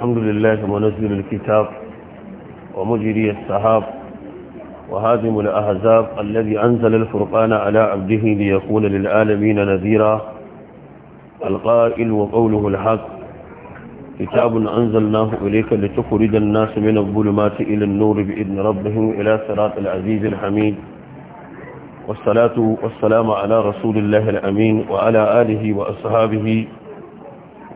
الحمد لله منزل الكتاب ومجري السحاب وهادم الأهزاب الذي أنزل الفرقان على عبده ليكون للعالمين نذيرا القائل وقوله الحق كتاب أنزلناه إليك لتخرج الناس من الظلمات إلى النور بإذن ربهم إلى صراط العزيز الحميد والصلاة والسلام على رسول الله الأمين وعلى آله وأصحابه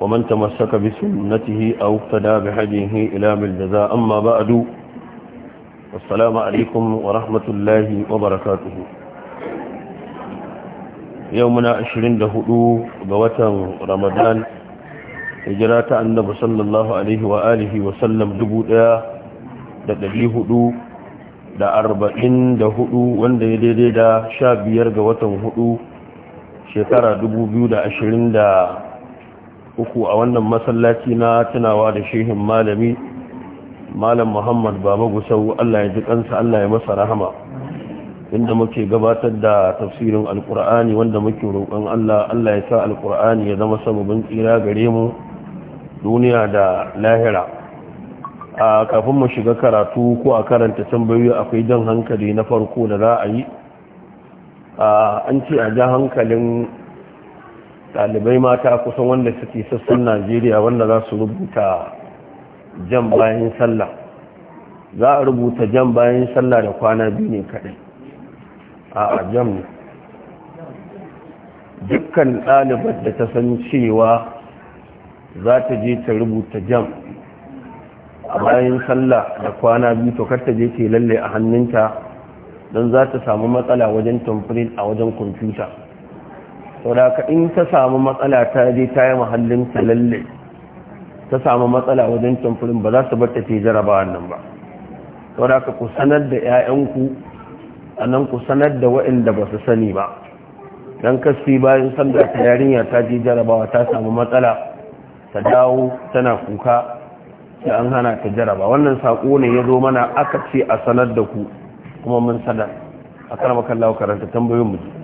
ومن تمسك بسنته أو اقتدى بهديه إلى بالجزاء أما بعد والسلام عليكم ورحمة الله وبركاته يومنا عشرين دهدو بوتا رمضان هجرات النبي صلى الله عليه وآله وسلم دبودا دقلي هدو da arba'in da hudu wanda ya daidai da sha biyar ga watan hudu shekara dubu biyu da ashirin da uku a wannan masallaci na tunawa da shehin malami malam muhammad baba gusau allah ya ji kansa allah ya masa rahama inda muke gabatar da tafsirin alkur'ani wanda muke roƙon allah allah ya sa alkur'ani ya zama sababin tsira gare mu duniya da lahira a kafin mu shiga karatu ko a karanta tambayoyi akwai jan hankali na farko da za a yi A an ce a ja hankalin dalibai mata kusan wanda suke sassan najeriya wanda za su rubuta jan bayan sallah za a rubuta jan bayan sallah da kwana biyu ne kadai a jam ne dukkan dalibar da ta san cewa za ta je ta rubuta jam a bayan sallah da kwana biyu to kar ta je ke lalle a hannunta don za ta samu matsala wajen tamfirin a wajen kwamfuta sauraka in ta samu matsala ta je ta yi muhallin lalle ta samu matsala wajen tamfurin ba za su bar ta ce jarabawan nan ba sauraka ka ku sanar da 'ya'yanku a nan ku sanar da waɗanda ba su sani ba don kasfi bayan sanda ta yarinya ta je jarabawa ta samu matsala ta dawo tana kuka da an hana ta jaraba wannan saƙo ne ya zo mana aka ce a sanar da ku kuma mun sanar a karamakan lawa ranta tambayoyin mu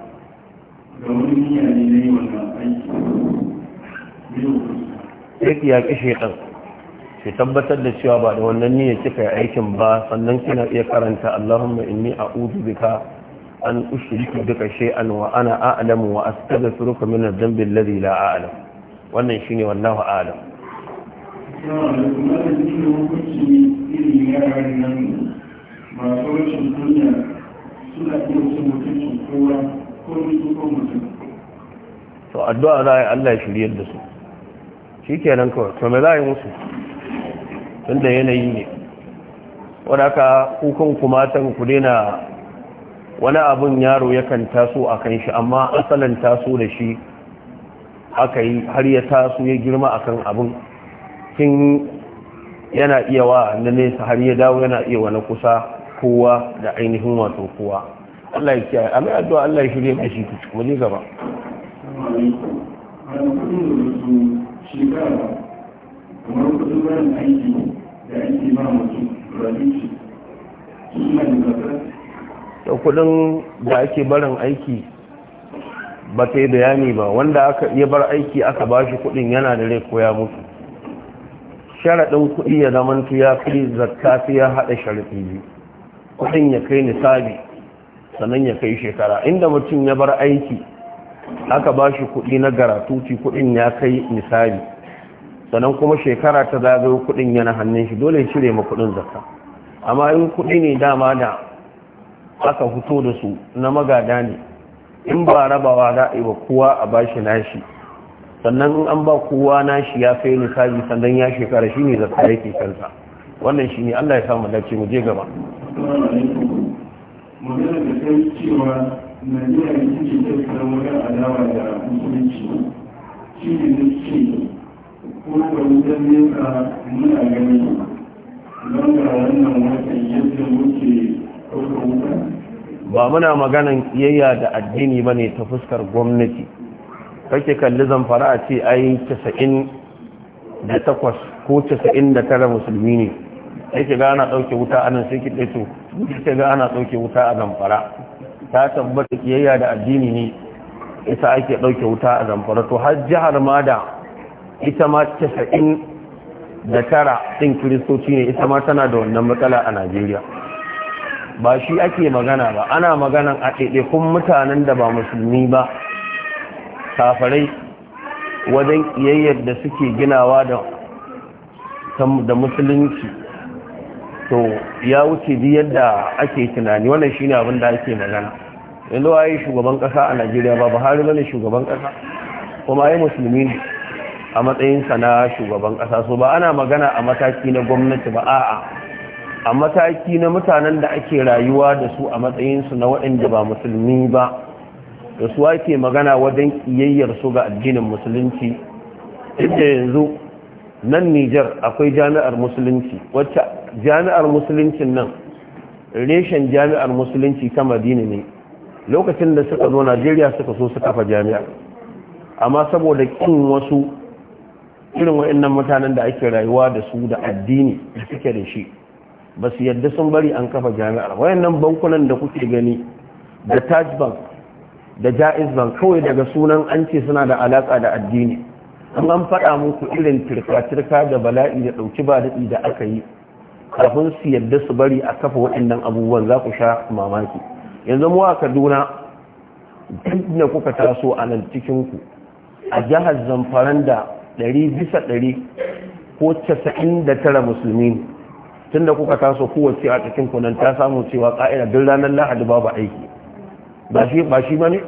ga wani niyya ne na yi wannan aiki sai ki yaƙi shaitan ki tabbatar da cewa ba da wannan niyyar kika yi aikin ba sannan kina iya karanta Allahumma inni a'udhu bika an ushrika bika shay'an wa ana a'lamu wa astaghfiruka min adh-dhanbi alladhi la a'lam wannan shine wallahu a'lam masu rashin kunya suna iya mutuncin kowa to addu'a za a yi Allah ya shiryar da su shi ke nan kawai to me za a yi musu tun da yanayi ne wadaka kukan kumatan ku daina wani abin yaro yakan taso a kan shi amma asalin taso da shi aka yi har ya taso ya girma a kan abin kin yana iya wa na nesa har ya dawo yana iya na kusa kowa da ainihin wato kowa Allah ya kiyaye amma addu'a Allah ya shirye da shi mu je gaba da kudin da ake barin aiki ba ta yi bayani ba wanda aka iya bar aiki aka ba shi kudin yana da rai ko ya mutu sharaɗin kudi ya zamantu ya fi zakka ya haɗa sharaɗi biyu kudin ya kai nisabi sanan ya kai shekara inda mutum ya bar aiki aka ba shi kudi na ci kudin ya kai misali sannan kuma shekara ta zagayo kuɗin yana hannun shi dole ya cire ma kudin zakka amma in kudi ne dama da aka fito da su na magada ne in ba rabawa za a yi wa kowa a ba shi nashi sannan in an ba kowa nashi ya kai misali sannan ya shekara shi ne zakka yake kansa wannan shi ne allah ya samu dace mu je gaba magana da kai cewa najeriya ne da kai karan wajen adawa da musulunci shi ne na ce ko da wajen nesa muna gani don ga wannan wata yadda muke ɗaukar wuta ba muna maganan kiyayya da addini ba ne ta fuskar gwamnati kake kalli zamfara a ce ai casa'in da takwas ko casa'in da tara musulmi ne sai gana ɗauke wuta anan sai ki ɗaito da ga ana ɗauke wuta a zamfara ta tabbata kiyayya da addini ne ita ake ɗauke wuta a zamfara to har jihar ma da ita ma casa'in da tara ɗin kiristoci ne ita ma tana da wannan matsala a najeriya ba shi ake magana ba ana maganan a ɗaiɗaikun mutanen da ba musulmi ba kafarai wajen kiyayyar da suke ginawa da musulunci to ya wuce duk yadda ake tunani wannan shine abin da ake magana yanzu waye shugaban kasa a Najeriya ba Buhari bane shugaban kasa kuma ai musulmi ne a matsayinsa na shugaban kasa so ba ana magana a mataki na gwamnati ba a'a a mataki na mutanen da ake rayuwa da su a matsayin su na waɗanda ba musulmi ba da su ake magana wajen kiyayyar su ga addinin musulunci inda yanzu nan Nijar akwai jami'ar musulunci wacce jami'ar musuluncin nan reshen jami'ar musulunci ta madina ne lokacin da suka zo najeriya suka so su kafa jami'a amma saboda kin wasu irin wa'annan mutanen da ake rayuwa da su da addini da suke da shi ba su yadda sun bari an kafa jami'ar wayannan bankunan da kuke gani da taj bank da jaiz bank kawai daga sunan an ce suna da alaka da addini an an faɗa muku irin tirka-tirka da bala'i da ɗauki ba daɗi da aka yi karfin su yadda su bari a kafa waɗannan abubuwan za ku sha mamaki yanzu mu a kaduna da kuka taso a nan cikinku a jihar zamfaran da ɗari bisa ɗari ko casa'in musulmi tun da kuka taso kowace a cikinku nan ta samu cewa ƙa'ida duk ranar lahadi babu aiki ba shi ba shi ba ne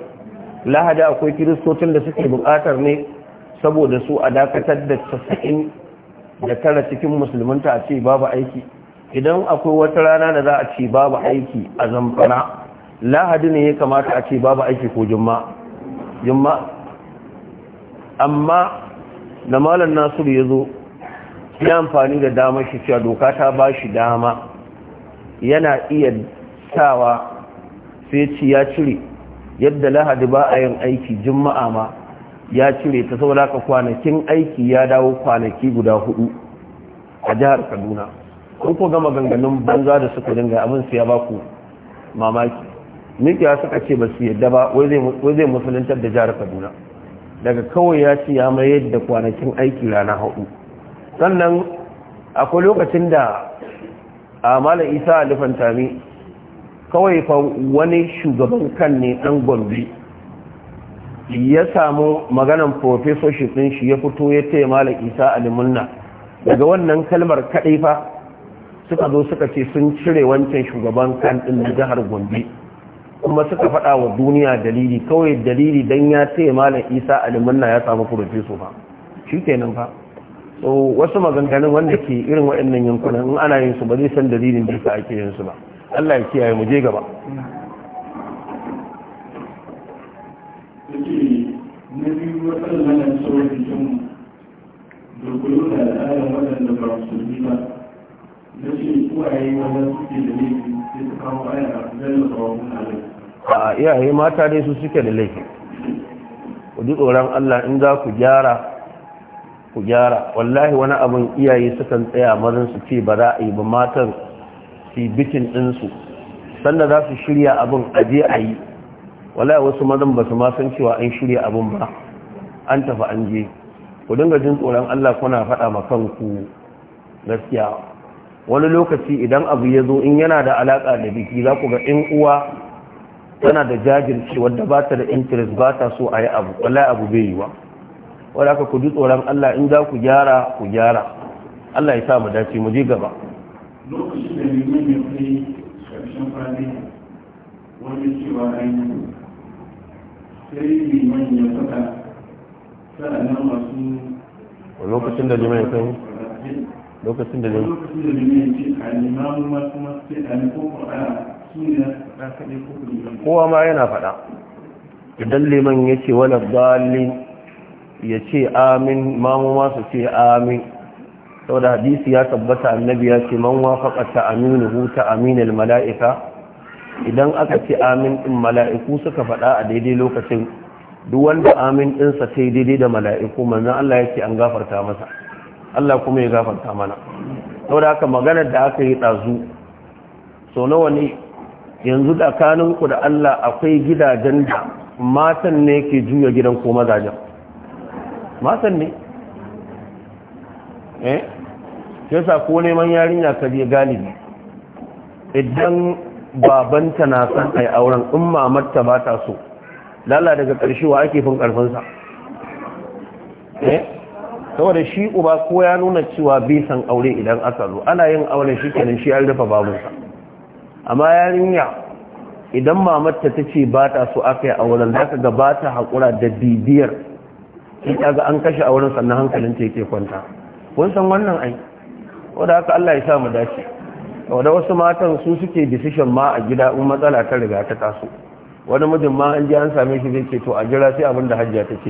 lahadi akwai kiristocin da suke buƙatar ne saboda su a dakatar da casa'in cikin musulmanta a ce babu aiki idan akwai wata rana da za a ce babu aiki a zamfana lahadi ne ya kamata a ce babu aiki ko jumma amma da malam nasiru ya zo ya amfani da damar shi cewa doka ta ba shi dama yana iya sawa sai ci ya cire yadda lahadi ba a yin aiki juma'a ma ya cire ta saboda ka kwanakin aiki ya dawo kwanaki guda hudu a jihar kaduna kun ku gama ganganin banza da suka dinga abin su ya baku mamaki mikiya suka ce ba su yadda ba wai zai musuluntar da jihar kaduna daga kawai ya ce ya mai yadda kwanakin aiki rana hudu sannan akwai lokacin da a mala isa alifan tami kawai fa wani shugaban kan ne dan gombe ya samu maganan professorship din shi ya fito ya taya mala isa alimunna daga wannan kalmar kadai fa suka zo suka ce sun cire wancan shugaban kan ɗin na jihar gombe kuma suka faɗa wa duniya dalili kawai dalili don ya ce malam isa alimanna ya samu furofeso ba shi kenan fa so wasu maganganun wanda ke irin waɗannan yankunan in ana yin su ba zai san dalilin da ake yin su ba Allah ya kiyaye mu je gaba da da waɗanda ba su a iyaye mata ne su suke da laifi ku ji tsoron Allah in za ku gyara ku gyara wallahi wani abin iyaye sukan tsaya marin su ce ba za a yi ba matan fi bikin ɗinsu sanda za su shirya abin aje a yi wallahi wasu mazan ba su ma san cewa an shirya abin ba an tafi an je ku dinga jin tsoron Allah kuna faɗa ma kanku gaskiya wani lokaci idan abu ya zo in yana da alaƙa da biki za ku ga in uwa tana da jajirce wadda ba ta da interest ba ta so a yi abu wala abu bai yi wa wadda ka ku ji tsoron Allah in za ku gyara ku gyara Allah ya sa mu dace mu je gaba lokacin da limin ya kai karshen fadi wani cewa ainihin sai liman ya faɗa sa'annan masu lokacin da liman ya kai lokacin da zai kowa ma yana fada idan liman ya ce wani zalin ya ce amin mamu masu ce amin sau da hadisi ya tabbata annabi ya ce man wafaƙa ta aminu huta aminal mala'ika idan aka ce amin ɗin mala'iku suka faɗa a daidai lokacin duk wanda amin ɗinsa ta daidai da mala'iku manzan Allah ya ce an gafarta masa Allah kuma ya gafarta mana saboda haka maganar da aka yi ɗazu so nawa ne yanzu tsakaninku da Allah akwai gidajen da matan ne ke juya gidan ko mazajen matan ne eh sa ko neman yarinya ka je galibi idan babanta na san ai auren in mamarta ba ta so lalla daga ƙarshe wa ake fin ƙarfinsa eh saboda shi uba ko ya nuna cewa bai san aure idan aka zo ana yin aure shi kenan shi an rufe babansa amma yarinya idan mamarta ta ce ba ta so aka yi auren za ka gaba ta haƙura da bibiyar in ta ga an kashe auren sannan hankalin ta yake kwanta kun san wannan ai wadda haka Allah ya sa mu dace wadda wasu matan su suke decision ma a gida in matsala ta riga ta taso wani mijin ma an ji an same shi zai ce to a jira sai abin da hajjiya ta ce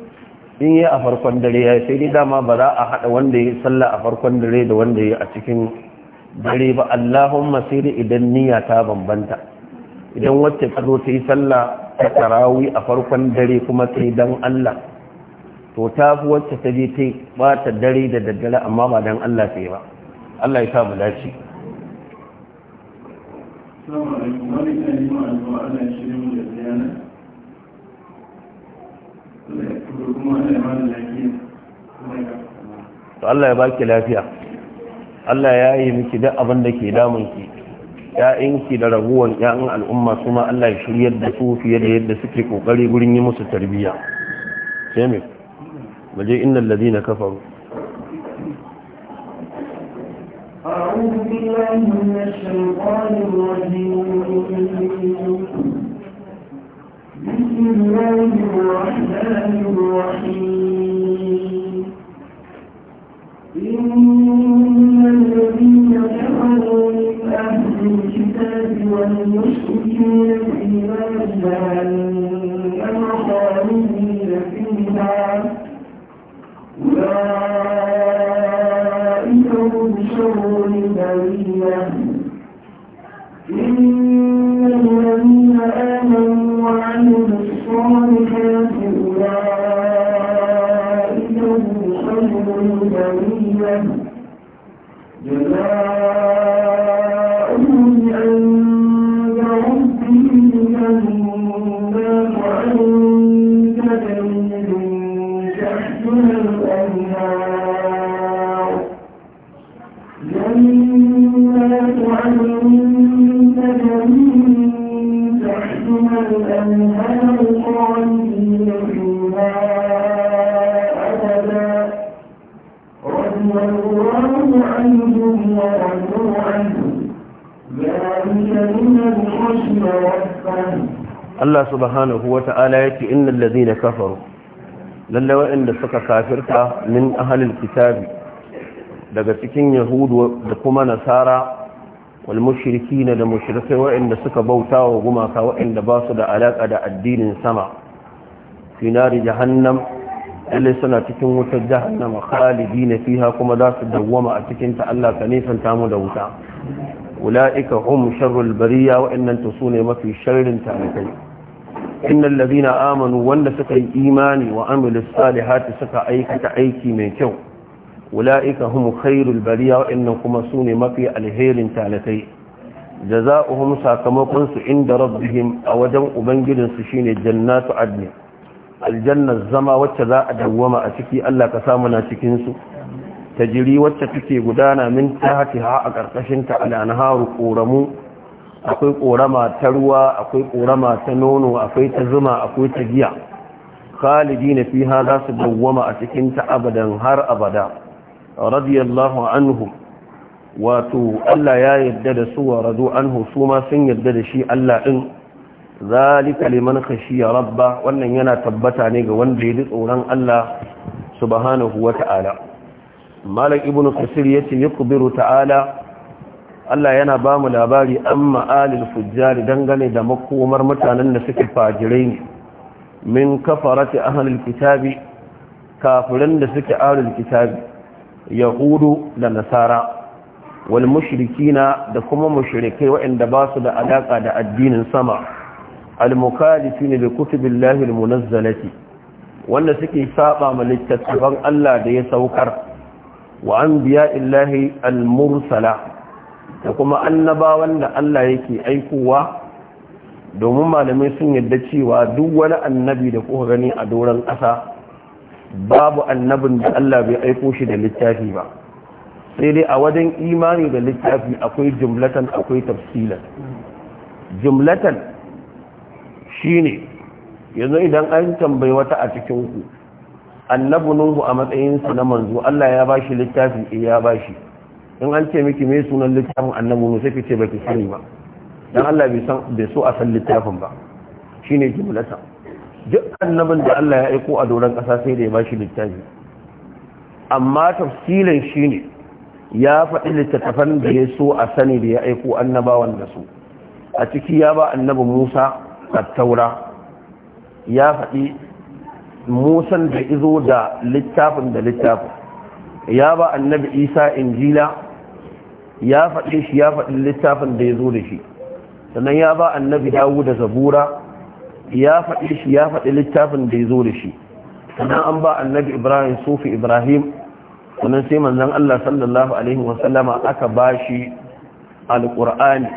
in yi a farkon dare ya sai dai dama ba za a haɗa wanda ya salla a farkon dare da wanda ya a cikin dare ba Allahun sai idan niyya ta bambanta idan wacce ta zo ta yi salla ta tarawi a farkon dare kuma ta dan Allah to ta fi wacce ta je ta bata dare da daddare amma ba dan Allah sai ba Allah ya sa mu dace Thank you. to Allah ya baki lafiya Allah ya yi miki duk abin da ke damun ki ki da raguwan ƴaƴan al'umma kuma Allah ya shiryar da su fiye da yadda suke kokari gurin yi musu tarbiyya sai me baje innal ladina kafaru أعوذ بالله من الشيطان الرجيم بسم الله الرحمن الرحيم إن الذين كفروا من أهل الكتاب والمشركين في نار جهنم خالدين فيها أولئك هم شر subhanahu wata'ala ta'ala yake innal ladina kafaru lallai wa'anda suka kafirta min ahlil kitabi daga cikin yahudu da kuma nasara wal mushrikin da mushrikai wa'anda suka bauta wa gumaka wa'anda ba su da alaka da addinin sama fi nari jahannam lalle suna cikin wutar jahannama khalidina fiha kuma za su dawwama a cikin ta Allah ka nisan ta mu da wuta ulaika hum sharrul bariya wa'annan tusune mafi sharrin talikai innal ladina amanu wanda suka yi imani wa amilus salihati suka aikata aiki mai kyau ulaika hum khairul bariya wa inna kuma sune mafi alherin talakai jazaohum sakamakon su inda rabbihim a wajen ubangijin su shine jannatu adn aljanna zama wacce za a dawwama a ciki Allah ka samu na cikin su tajiri wacce take gudana min tahtiha a karkashin ta al-anharu quramu akwai korama ta ruwa akwai korama ta nono akwai ta zuma akwai ta giya khalidi na fiha za su dawwama a cikin ta abadan har abada radiyallahu anhu wato Allah ya yarda da su wa radu anhu su ma sun yarda da shi Allah din zalika liman khashiya rabba wannan yana tabbata ne ga wanda ya ji tsoron Allah subhanahu wata'ala malik ibnu kasir yace yakbiru ta'ala Allah yana ba mu labari an ma'alil fujjari dangane da makomar mutanen da suke fajirai ne min kafarati ahlul kitabi kafirin da suke ahlul kitabi yahudu da nasara wal mushrikina da kuma mushrikai waɗanda ba su da alaka da addinin sama al mukhalifina bi kutubillahi al munazzalati wanda suke saba ma littattafan Allah da ya saukar wa biya illahi al mursala da kuma annabawan da Allah yake aikowa domin malamai sun yadda cewa duk wani annabi da kuka gani a doron ƙasa babu annabin da Allah bai aiko shi da littafi ba sai dai a wajen imani da littafi akwai jumlatan akwai tafsilan jumlatan shine yanzu idan an tambayi wata a cikinku ku annabi nuhu a matsayinsu na manzo Allah ya bashi littafi eh ya bashi in an ce miki me sunan littafin annabi musa ki ce baki sani ba dan Allah bai san bai so a san littafin ba shine jumlata duk annabin da Allah ya aiko a doron kasa sai da ya bashi littafi amma tafsilin shine ya faɗi littattafan da ya so a sani da ya aiko annabawan da su a ciki ya ba annabi Musa taura ya faɗi Musan da izo da littafin da littafin ya ba annabi Isa injila ya faɗi shi ya faɗi littafin da ya zo da shi sannan ya ba annabi dawo da zabura ya faɗi shi ya faɗi littafin da ya zo da shi sannan an ba annabi ibrahim sufi ibrahim sannan sai manzan allah sallallahu alaihi wasallama aka ba shi alƙur'ani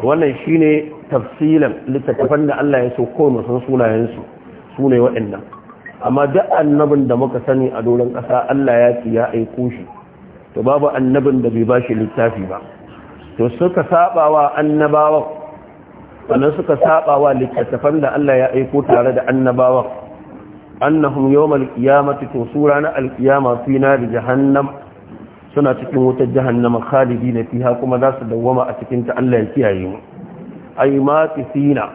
wannan shi ne tafsilan littattafan da allah ya so kowane san sunayensu su ne waɗannan amma duk annabin da muka sani a doron ƙasa allah ya ci ya aiko shi to babu annabin da bai bashi littafi ba to suka sabawa annabawa wannan suka wa littattafan da Allah ya aiko tare da annabawa annahum yawmal qiyamati to sura na alqiyama fi nar jahannam suna cikin wutar jahannama khalidina fiha kuma za su dawwama a cikin ta Allah ya kiyaye mu ay maqisina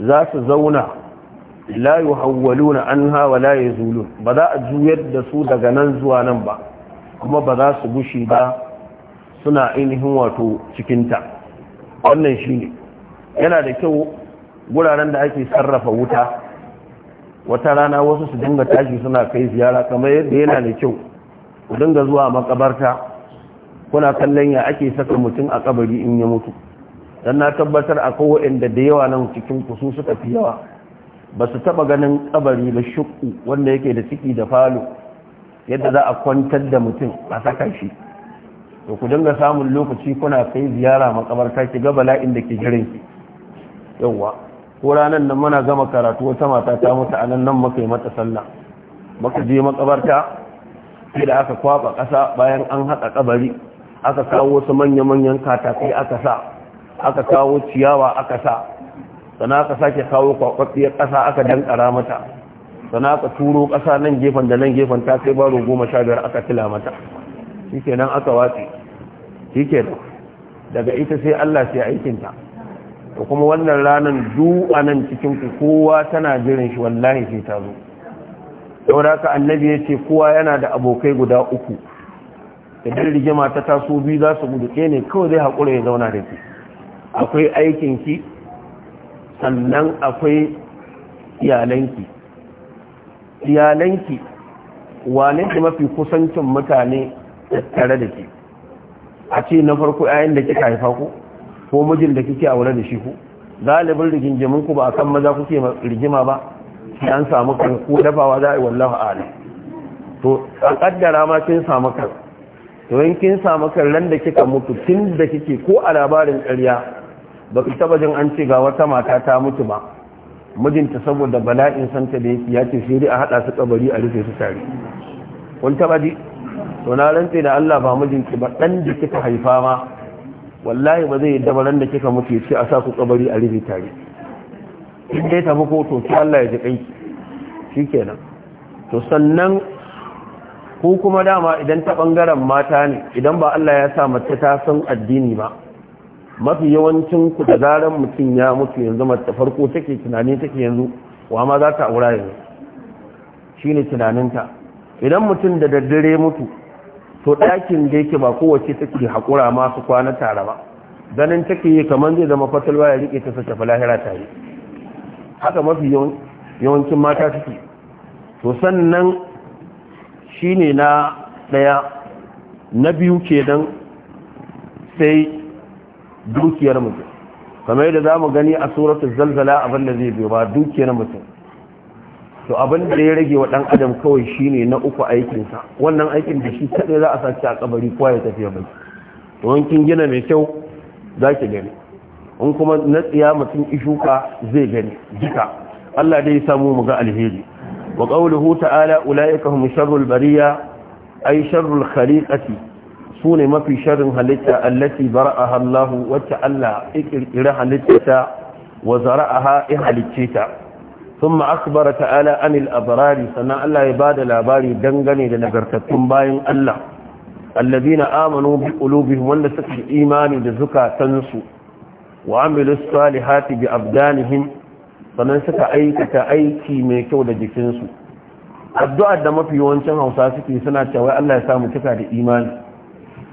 za su zauna la yuhawwaluna anha wa la yazulun ba za a juyar da su daga nan zuwa nan ba kuma ba za su gushi ba suna ainihin wato cikinta wannan shi ne yana da kyau guraren da ake sarrafa wuta wata rana wasu su dinga tashi suna kai ziyara kamar yadda yana da kyau ku dinga zuwa makabarta kuna kallon ya ake saka mutum a kabari in ya mutu dan na tabbatar a akwai waɗanda da yawa nan cikin kusu suka fi yawa ba su taɓa ganin kabari da shukku wanda yake da ciki da falo yadda za a kwantar da mutum a saka shi to ku dinga samun lokaci kuna kai ziyara makabarta ki ga bala'in da ke girin ki yawa ko ranan nan muna gama karatu wata mata ta mutu a nan nan muka yi mata sallah muka je makabarta sai da aka kwaba ƙasa bayan an haka kabari aka kawo wasu manya-manyan katakai aka sa aka kawo ciyawa aka sa sannan aka sake kawo kwakwafiyar ƙasa aka dankara mata sana ka turo ƙasa nan gefen da nan gefen ta kai baro goma sha biyar aka tila mata shi kenan aka watsi shi kenan daga ita sai Allah sai aikinta da kuma wannan ranar du'a nan cikin ku kowa tana jirin shi wallahi sai ta zo saboda haka annabi ya ce kowa yana da abokai guda uku idan rigima ta taso biyu za su gudu ne kawai zai haƙura ya zauna da ke akwai aikinki sannan akwai iyalanki iyalanki wane ki mafi kusancin mutane tare da ke a ce na farko yayin da kika haifa ku ko mijin da kike aure da shi ku galibin rigingimin ku ba kan maza kuke rigima ba sai an samu kan ko dafawa za a yi wallahu ala to a kaddara ma kin samu kan to yin kin samu kan ran da kika mutu tun da kike ko a labarin karya ba ki taba jin an ce ga wata mata ta mutu ba mijinta saboda bala'in santa da ya ce sai a hada su kabari a rufe su tare kun taba ji to na rantse da Allah ba mijinki ba dan da kika haifa ma wallahi ba zai yi dabaran da kika mutu ce a sa ku kabari a rufe tare in dai tafi ko to sai Allah ya ji kai shikenan to sannan ko kuma dama idan ta bangaren mata ne idan ba Allah ya sa mace ta san addini ba mafi yawancin ku da zaran mutum ya mutu yanzu mace farko take tunani take yanzu wa ma za ta aura yanzu shine tunaninta idan mutum da daddare mutu to ɗakin da yake ba kowace take haƙura masu kwana tare ba ganin take yi kamar zai zama fatalwa ya rike ta su falahira ta tare haka mafi yawancin mata suke to sannan shine na ɗaya na biyu kenan sai dukiyar mutum kamar yadda za mu gani a suratun zalzala abin da zai biyo ba dukiyar mutum to abin da ya rage wa dan adam kawai shine na uku aikin wannan aikin da shi kadai za a sace a kabari ko ya tafi bai to wankin gina mai kyau zaki gani in kuma na tsiya mutum ishuka zai gani duka Allah dai ya samu mu ga alheri wa qawluhu ta'ala ulaika hum sharrul bariya ay sharrul khaliqati su ne mafi shirin halitta allati a Allah wacce Allah ya kirkira halittata wa zara'aha in halicce ta thumma akbara ta'ala anil abrari sannan Allah ya bada labari dangane da nagartattun bayan Allah alladhina amanu bi qulubihim wanda suka imani da zukatansu wa amilus salihati bi abdanihim sannan suka aikata aiki mai kyau da jikinsu addu'ar da mafi yawancin Hausa suke suna cewa Allah ya samu cika da imani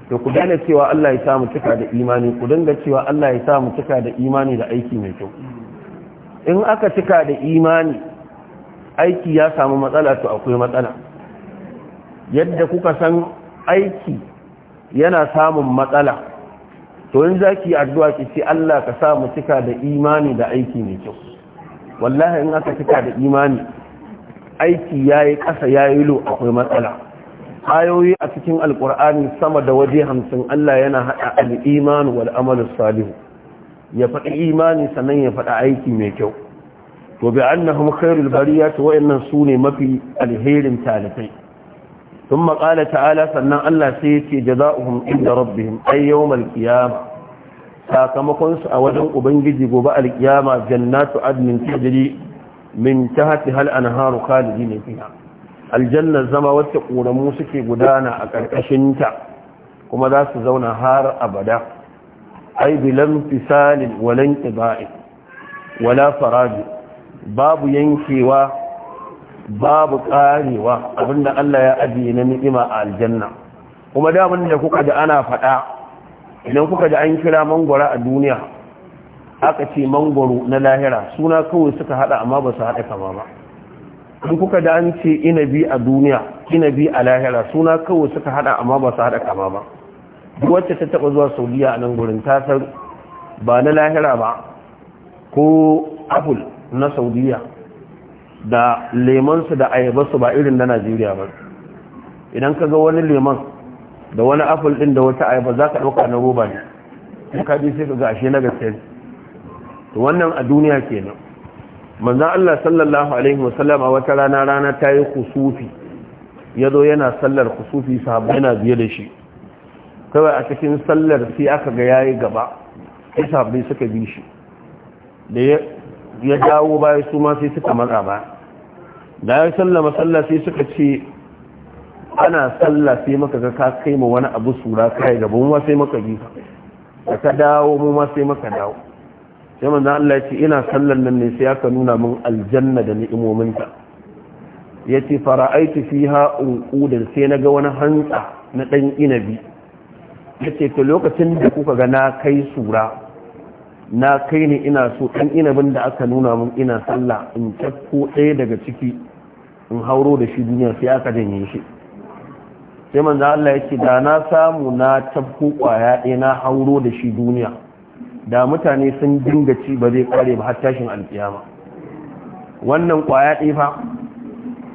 to ku gane cewa Allah ya samu cika da imani ku dinga cewa Allah ya samu cika da imani da aiki mai kyau in aka cika da imani aiki ya samu matsala to akwai matsala yadda kuka san aiki yana samun matsala to in zaki addu'a ki ce Allah ka samu cika da imani da aiki mai kyau wallahi in aka cika da imani aiki yayi ƙasa yayi lo akwai matsala ayoyi a cikin alkur'ani sama da waje hamsin Allah yana haɗa al'iman wal salihu ya faɗi imani sannan ya faɗi aiki mai kyau to bi annahum khairul bariyat wayannan innan sune mafi alherin talibai Sun maƙala ta'ala sannan Allah sai yace jazaohum inda rabbihim ay yawmal qiyamah sakamakon su a wajen ubangiji gobe alkiyama jannatu adnin tajri min tahtiha al-anharu khalidina fiha aljannar zama wacce ƙoramu suke gudana a ƙarƙashinta kuma za su zauna har abada ai bilan fisalin walan ƙiba'i wala Faraju. babu yankewa babu ƙarewa abinda Allah ya ajiye na ni'ima a aljanna kuma damar da kuka ji ana faɗa idan kuka ji an kira mangwara a duniya aka ce mangwaro na lahira suna kawai suka haɗa amma ba su haɗa kama ba in kuka da an ce inabi a duniya ina bi a lahira suna kawai suka hada amma ba su hada kama ba wacce ta taba zuwa saudiya a nan gurin ta san ba na lahira ba ko apple na saudiya da lemansu da ayyabarsu ba irin na najeriya ba idan ka ga wani leman da wani apple din da wata ayyaba za ka ɗauka na roba ne ka bi sai ka ga ashe na gaske wannan a duniya kenan manzan Allah sallallahu alaihi wasallama wata rana rana ta yi kusufi ya zo yana sallar kusufi sahabbai yana biye da shi kawai a cikin sallar sai aka ga ya yi gaba sai sahabbai suka bi shi da ya dawo baya su ma sai suka matsa ba da ya sallama sallar sai suka ce ana sallar sai maka ga ka kai mu wani abu sura kai gaba mu ma sai maka bi ka dawo mu ma sai maka dawo sai manzon Allah ya ce ina sallan nan ne sai aka nuna min aljanna da ni'imominta yace fara'aitu fiha unqudan sai naga wani hantsa na dan inabi yace to lokacin da kuka ga na kai sura na kai ne ina so dan inabin da aka nuna min ina sallah in tafko ɗaya daga ciki in hauro da shi duniya sai aka janye shi sai manzo Allah ce da na samu na tafko kwaya ɗaya na hauro da shi duniya da mutane sun dinga ci ba zai kare ba har tashin alkiyama wannan kwaya ɗefa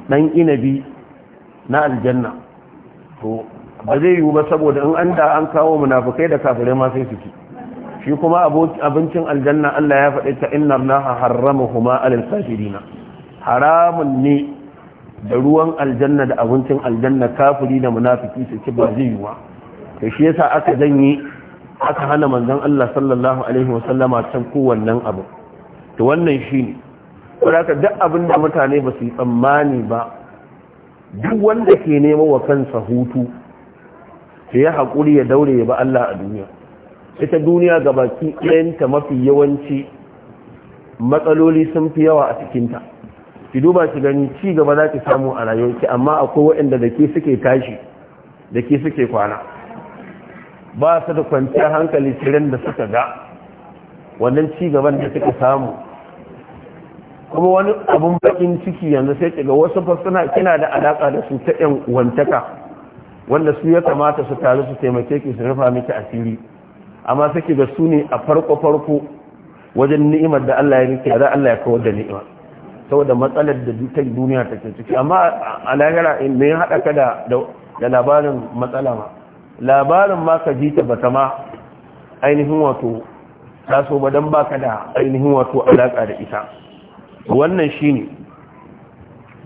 ɗan inabi na aljanna to ba zai yiwu ba saboda in an da an kawo munafukai da kafirai ma sai ci shi kuma abincin aljanna Allah ya faɗi ta inna na harrama huma alal kafirina haramun ne da ruwan aljanna da abincin aljanna kafiri da munafiki su ci ba zai yiwu to shi yasa aka janye aka hana manzon Allah sallallahu alaihi wasallama can kowannen abu to wannan shi shine saboda duk abin da mutane ba su yi tsammani ba duk wanda ke nema wa kansa hutu sai ya haƙuri ya daure ya ba Allah a duniya ita duniya ga baki ɗayanta mafi yawanci matsaloli sun fi yawa a cikinta ki duba ki gani ci gaba za ki samu a rayuwarki amma akwai waɗanda da ke suke tashi da ke suke kwana ba su da kwanciyar hankali cirin da suka ga wannan cigaban da suka samu kuma wani abun bakin ciki yanzu sai kiga wasu fasuna kina da alaka da su ta yan wantaka wanda su ya kamata su taru su taimake ki su rufa miki asiri amma sai kiga su ne a farko farko wajen ni'imar da Allah ya rike da Allah ya kawar da ni'ima saboda matsalar da duka duniya take ciki amma a lahira eh, me ya hada ka da labarin matsala ma labarin ma ka ji ta ta ma ainihin wato taso ba don baka da ainihin wato alaƙa da ita wannan shi ne.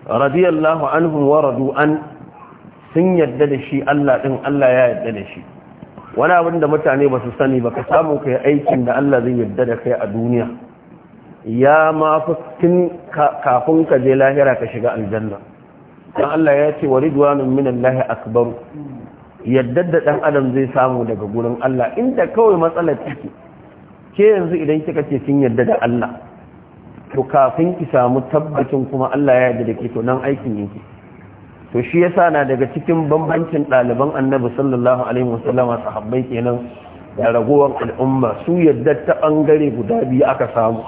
radiyallahu anhum wa radu an sun yadda da shi Allah ɗin Allah ya yadda da shi wani abin da mutane ba su sani ba ka samu kai aikin da Allah zai yadda da kai a duniya ya ma fuskin kafin ka je lahira ka shiga aljanna dan Allah ya ce wa ridwanun minallahi akbar yadda da ɗan adam zai samu daga gurin Allah inda kawai matsalar take ke yanzu idan kika ce kin yadda da Allah to kafin ki samu tabbacin kuma Allah ya yarda da ke to nan aikin yake to shi yasa na daga cikin bambancin ɗaliban annabi sallallahu alaihi a sahabbai kenan da ragowar al'umma su yadda ta bangare guda biyu aka samu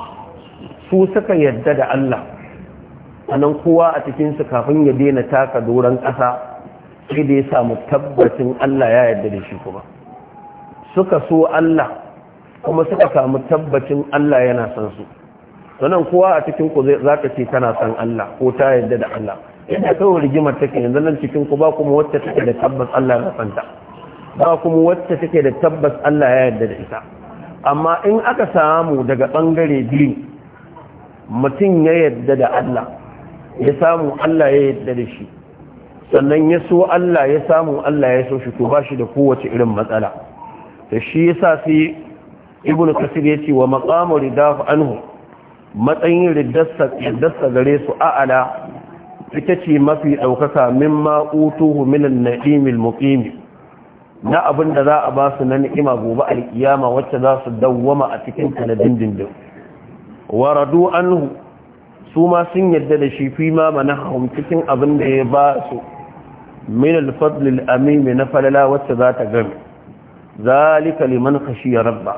su suka yadda da Allah anan kowa a cikinsu kafin ya daina taka doron ƙasa sai da ya samu tabbacin Allah ya yarda da shi kuma suka so Allah kuma suka samu tabbacin Allah yana son su sannan kowa a cikin ku za ka ce tana son Allah ko ta yarda da Allah yadda kawai rigimar take yanzu nan cikin ku ba kuma wacce take da tabbas Allah na santa ba kuma wacce take da tabbas Allah ya yarda da ita amma in aka samu daga bangare biyu mutum ya yarda da Allah ya samu Allah ya yarda da shi sannan ya so Allah ya samu Allah ya so shi to ba shi da kowace irin matsala da shi yasa sai ibnu kasir yace wa maqamu ridaf anhu matsayin riddarsa riddarsa gare su a'ala ita ce mafi daukaka mimma utuhu minan na'imil muqim na abin da za a ba su na ni'ima gobe alkiyama wacce za su dawwama a cikin kanadin dindin waradu anhu su ma sun yadda da shi fi ma manahum cikin abin da ya ba su min al-fadl na falala wacce za ta gami zalika liman khashiya rabba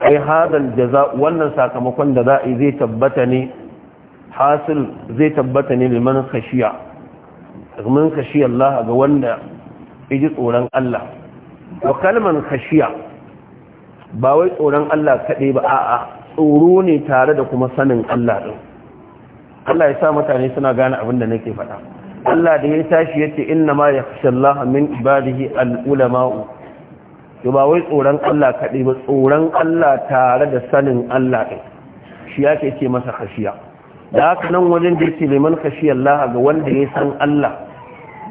ai hada al wannan sakamakon da za a zai tabbata ne hasil zai tabbata ne liman ga wanda yaji tsoron Allah wa kalman ba wai tsoron Allah kaɗai ba a'a tsoro ne tare da kuma sanin Allah Allah ya sa mutane suna gane abin da nake faɗa Allah da ya tashi yace inna ma ya Allah min ibadihi al-ulama to ba wai tsoron Allah kaɗai ba tsoron Allah tare da sanin Allah ɗin shi ke ce masa kashiya? da haka nan wajen da yake liman Allah ga wanda ya san Allah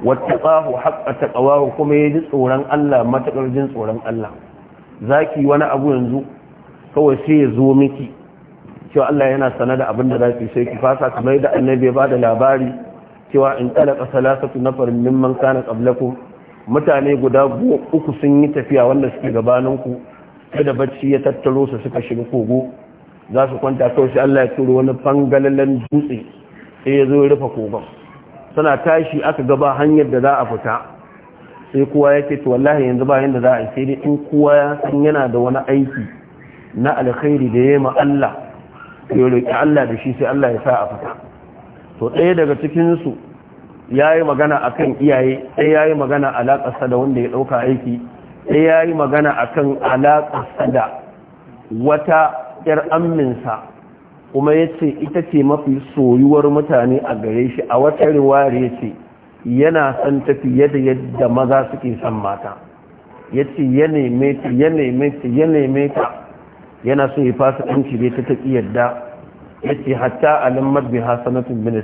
wata wattaqahu ta ƙawawa kuma ya ji tsoron Allah matakar jin tsoron Allah zaki wani abu yanzu kawai sai ya zo miki cewa Allah yana sana da abin da za ki sai ki fasa kamar da annabi ya ba da labari cewa in talaka salasatu farin mimman kana qablakum mutane guda uku sun yi tafiya wanda suke gabanin ku da bacci ya tattaro su suka shiga kogo za su kwanta kawai sai Allah ya turo wani fangalalan dutse sai ya zo ya rufe kogon suna tashi aka gaba hanyar da za a fita sai kowa ya ce to wallahi yanzu ba yanda za a dai in kowa ya san yana da wani aiki na alkhairi da ya ma Allah ya roƙi Allah da shi sai Allah ya sa a fita to ɗaya daga cikinsu ya yi magana a kan iyaye ɗaya ya yi magana alaƙarsa da wanda ya ɗauka aiki ɗaya ya yi magana a kan alaƙarsa da wata ‘yar amminsa kuma ya ce ita ce mafi soyuwar mutane a gare shi a wata riware ce yana son tafiye da yadda maza suke son mata ya ce ya neme ta Yana neme ta ya ta yana so ya fasa ɗanci ne ta taƙi yadda yace hatta nan mabbi hasanatun min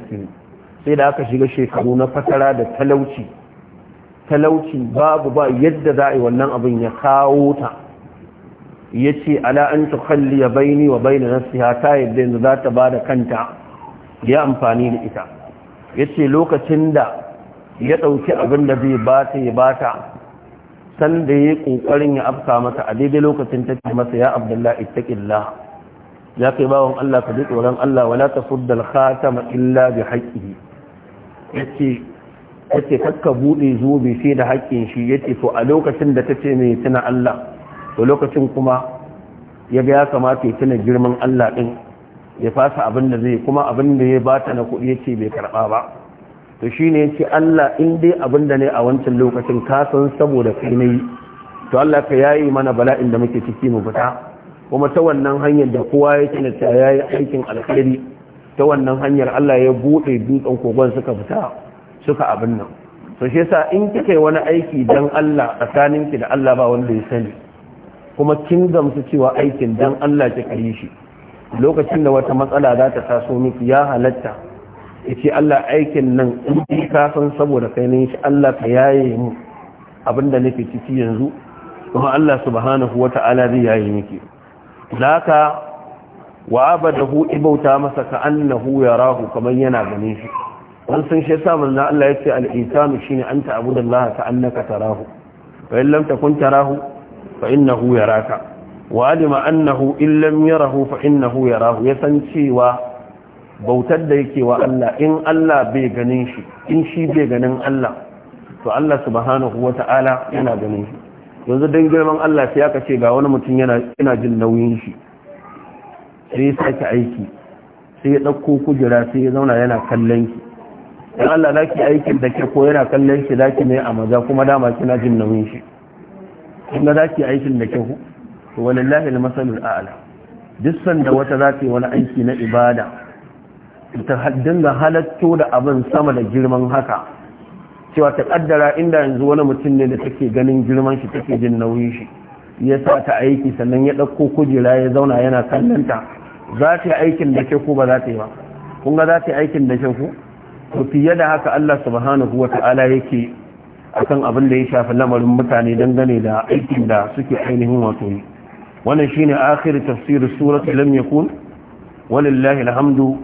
sai da aka shiga shekaru na fatara da talauci talauci babu ba yadda za a yi wannan abin ya kawo ta ya yace ala an ya baini wa na siya ta yadda yanzu za ta da kanta ya amfani da ita ya ce lokacin da ya dauki abin da zai bata ya bata sanda ya yi ƙoƙarin ya afka mata a daidai lokacin ta ce masa ya abdullahi ittaqillah ya kai bawan Allah ka ji tsoron Allah wala tafuddal khatama illa bi haqqihi yace yace kakka bude zobe sai da haƙƙin shi yace to a lokacin da tace mai tuna Allah to lokacin kuma ya ga ya kamata ya tuna girman Allah din ya fasa abin da zai kuma abin da ya bata na kuɗi yace bai karba ba to shine yace Allah in dai abin da ne a wancan lokacin ka san saboda kai ne to Allah ka yayi mana bala'in da muke ciki mu fita kuma ta wannan hanyar da kowa ya ta ya yi aikin alkhairi ta wannan hanyar Allah ya buɗe dutsen kogon suka fita suka abin nan to shi yasa in kika wani aiki dan Allah tsakanin ki da Allah ba wanda ya sani kuma kin gamsu cewa aikin dan Allah kika yi shi lokacin da wata matsala za ta taso miki ya halatta yace Allah aikin nan in ka san saboda kai ne shi Allah ka yaye mu abinda nake ciki yanzu kuma Allah subhanahu wata'ala zai yaye miki laka wa abadahu ibauta masa ka annahu ya rahu kaman yana ganin shi dan sun shi sa na Allah ya ce yace al-insanu shine anta abudallahi ka annaka ta rahu. fa in lamta kun ta rahu? fa hu ya raka. wa alima annahu in lam rahu fa hu ya rahu. Ya san cewa bautar da yake wa Allah in Allah bai ganin shi in shi bai ganin Allah to Allah subhanahu wa ta'ala yana ganin shi yanzu don girman Allah sai aka ce ga wani mutum yana jin nauyin shi sai ya sake aiki sai ya ɗauko kujera sai ya zauna yana kallon ki don Allah za ki aikin da ke ko yana kallon shi za ki mai a maza kuma dama kina jin nauyin shi kuma za ki aikin da ke ku wani lahil almasalul a'ala duk sanda wata za ta yi wani aiki na ibada ta dinga halatto da abin sama da girman haka cewa ta kaddara inda yanzu wani mutum ne da take ganin girman shi take jin nauyin shi ya sa ta aiki sannan ya ɗauko kujera ya zauna yana kallonta za ta yi aikin da ke ko ba za ta yi ba kun ga za ta yi aikin da ke ko to fiye da haka Allah subhanahu wa ta'ala yake akan abin da ya shafi lamarin mutane dangane da aikin da suke ainihin wato yi wannan shine akhir tafsir suratu lam yakun walillahi alhamdu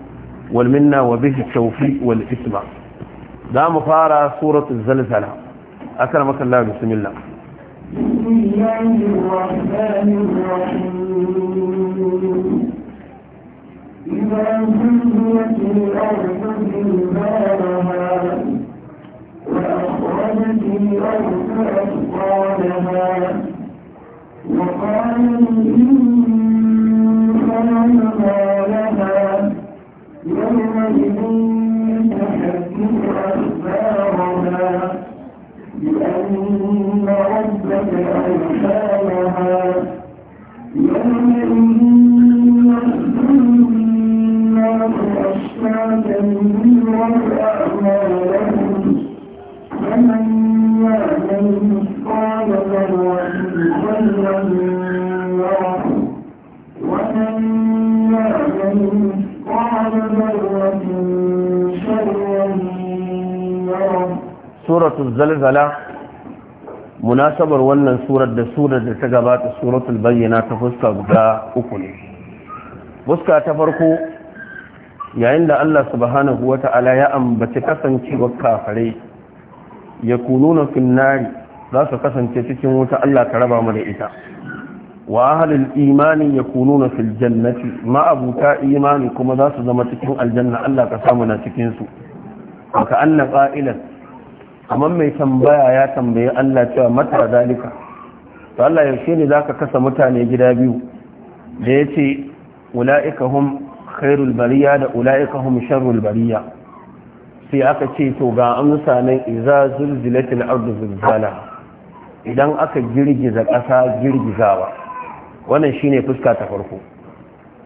wal minna wa bihi tawfiq wal isma' za mu سورة الزلزلة أكرمك الله Allah بسم الله الرحمن الرحيم إذا زلزلت الأرض وأخرجت الأرض لها أبصارها بأن ربك أوحالها يومئذ يصدر الناس أشتاتا ليروا أعمالهم فمن يعمل مثقال ذرة خيرا suratul zalzala munasabar wannan surar da surar da ta gabata suratul bayyana ta fuska guda uku ne fuska ta farko yayin da Allah subhanahu wata'ala ya ambaci kasancewa kafare ya kununa finnari za su kasance cikin wuta Allah ka raba mu da ita wa ahlul imani yakununa fil jannati ma abuta imani kuma za su zama cikin aljanna Allah ka samu na cikin su ka anna qa'ilan amma mai tambaya ya tambayi Allah cewa mata zalika to Allah yaushe ne zaka kasa mutane gida biyu da yace ulaika hum khairul bariya da ulaika hum sharrul bariya sai aka ce to ga amsa nan iza zulzilatil ardu zulzala idan aka girgiza ƙasa girgizawa wannan shine fuska ta farko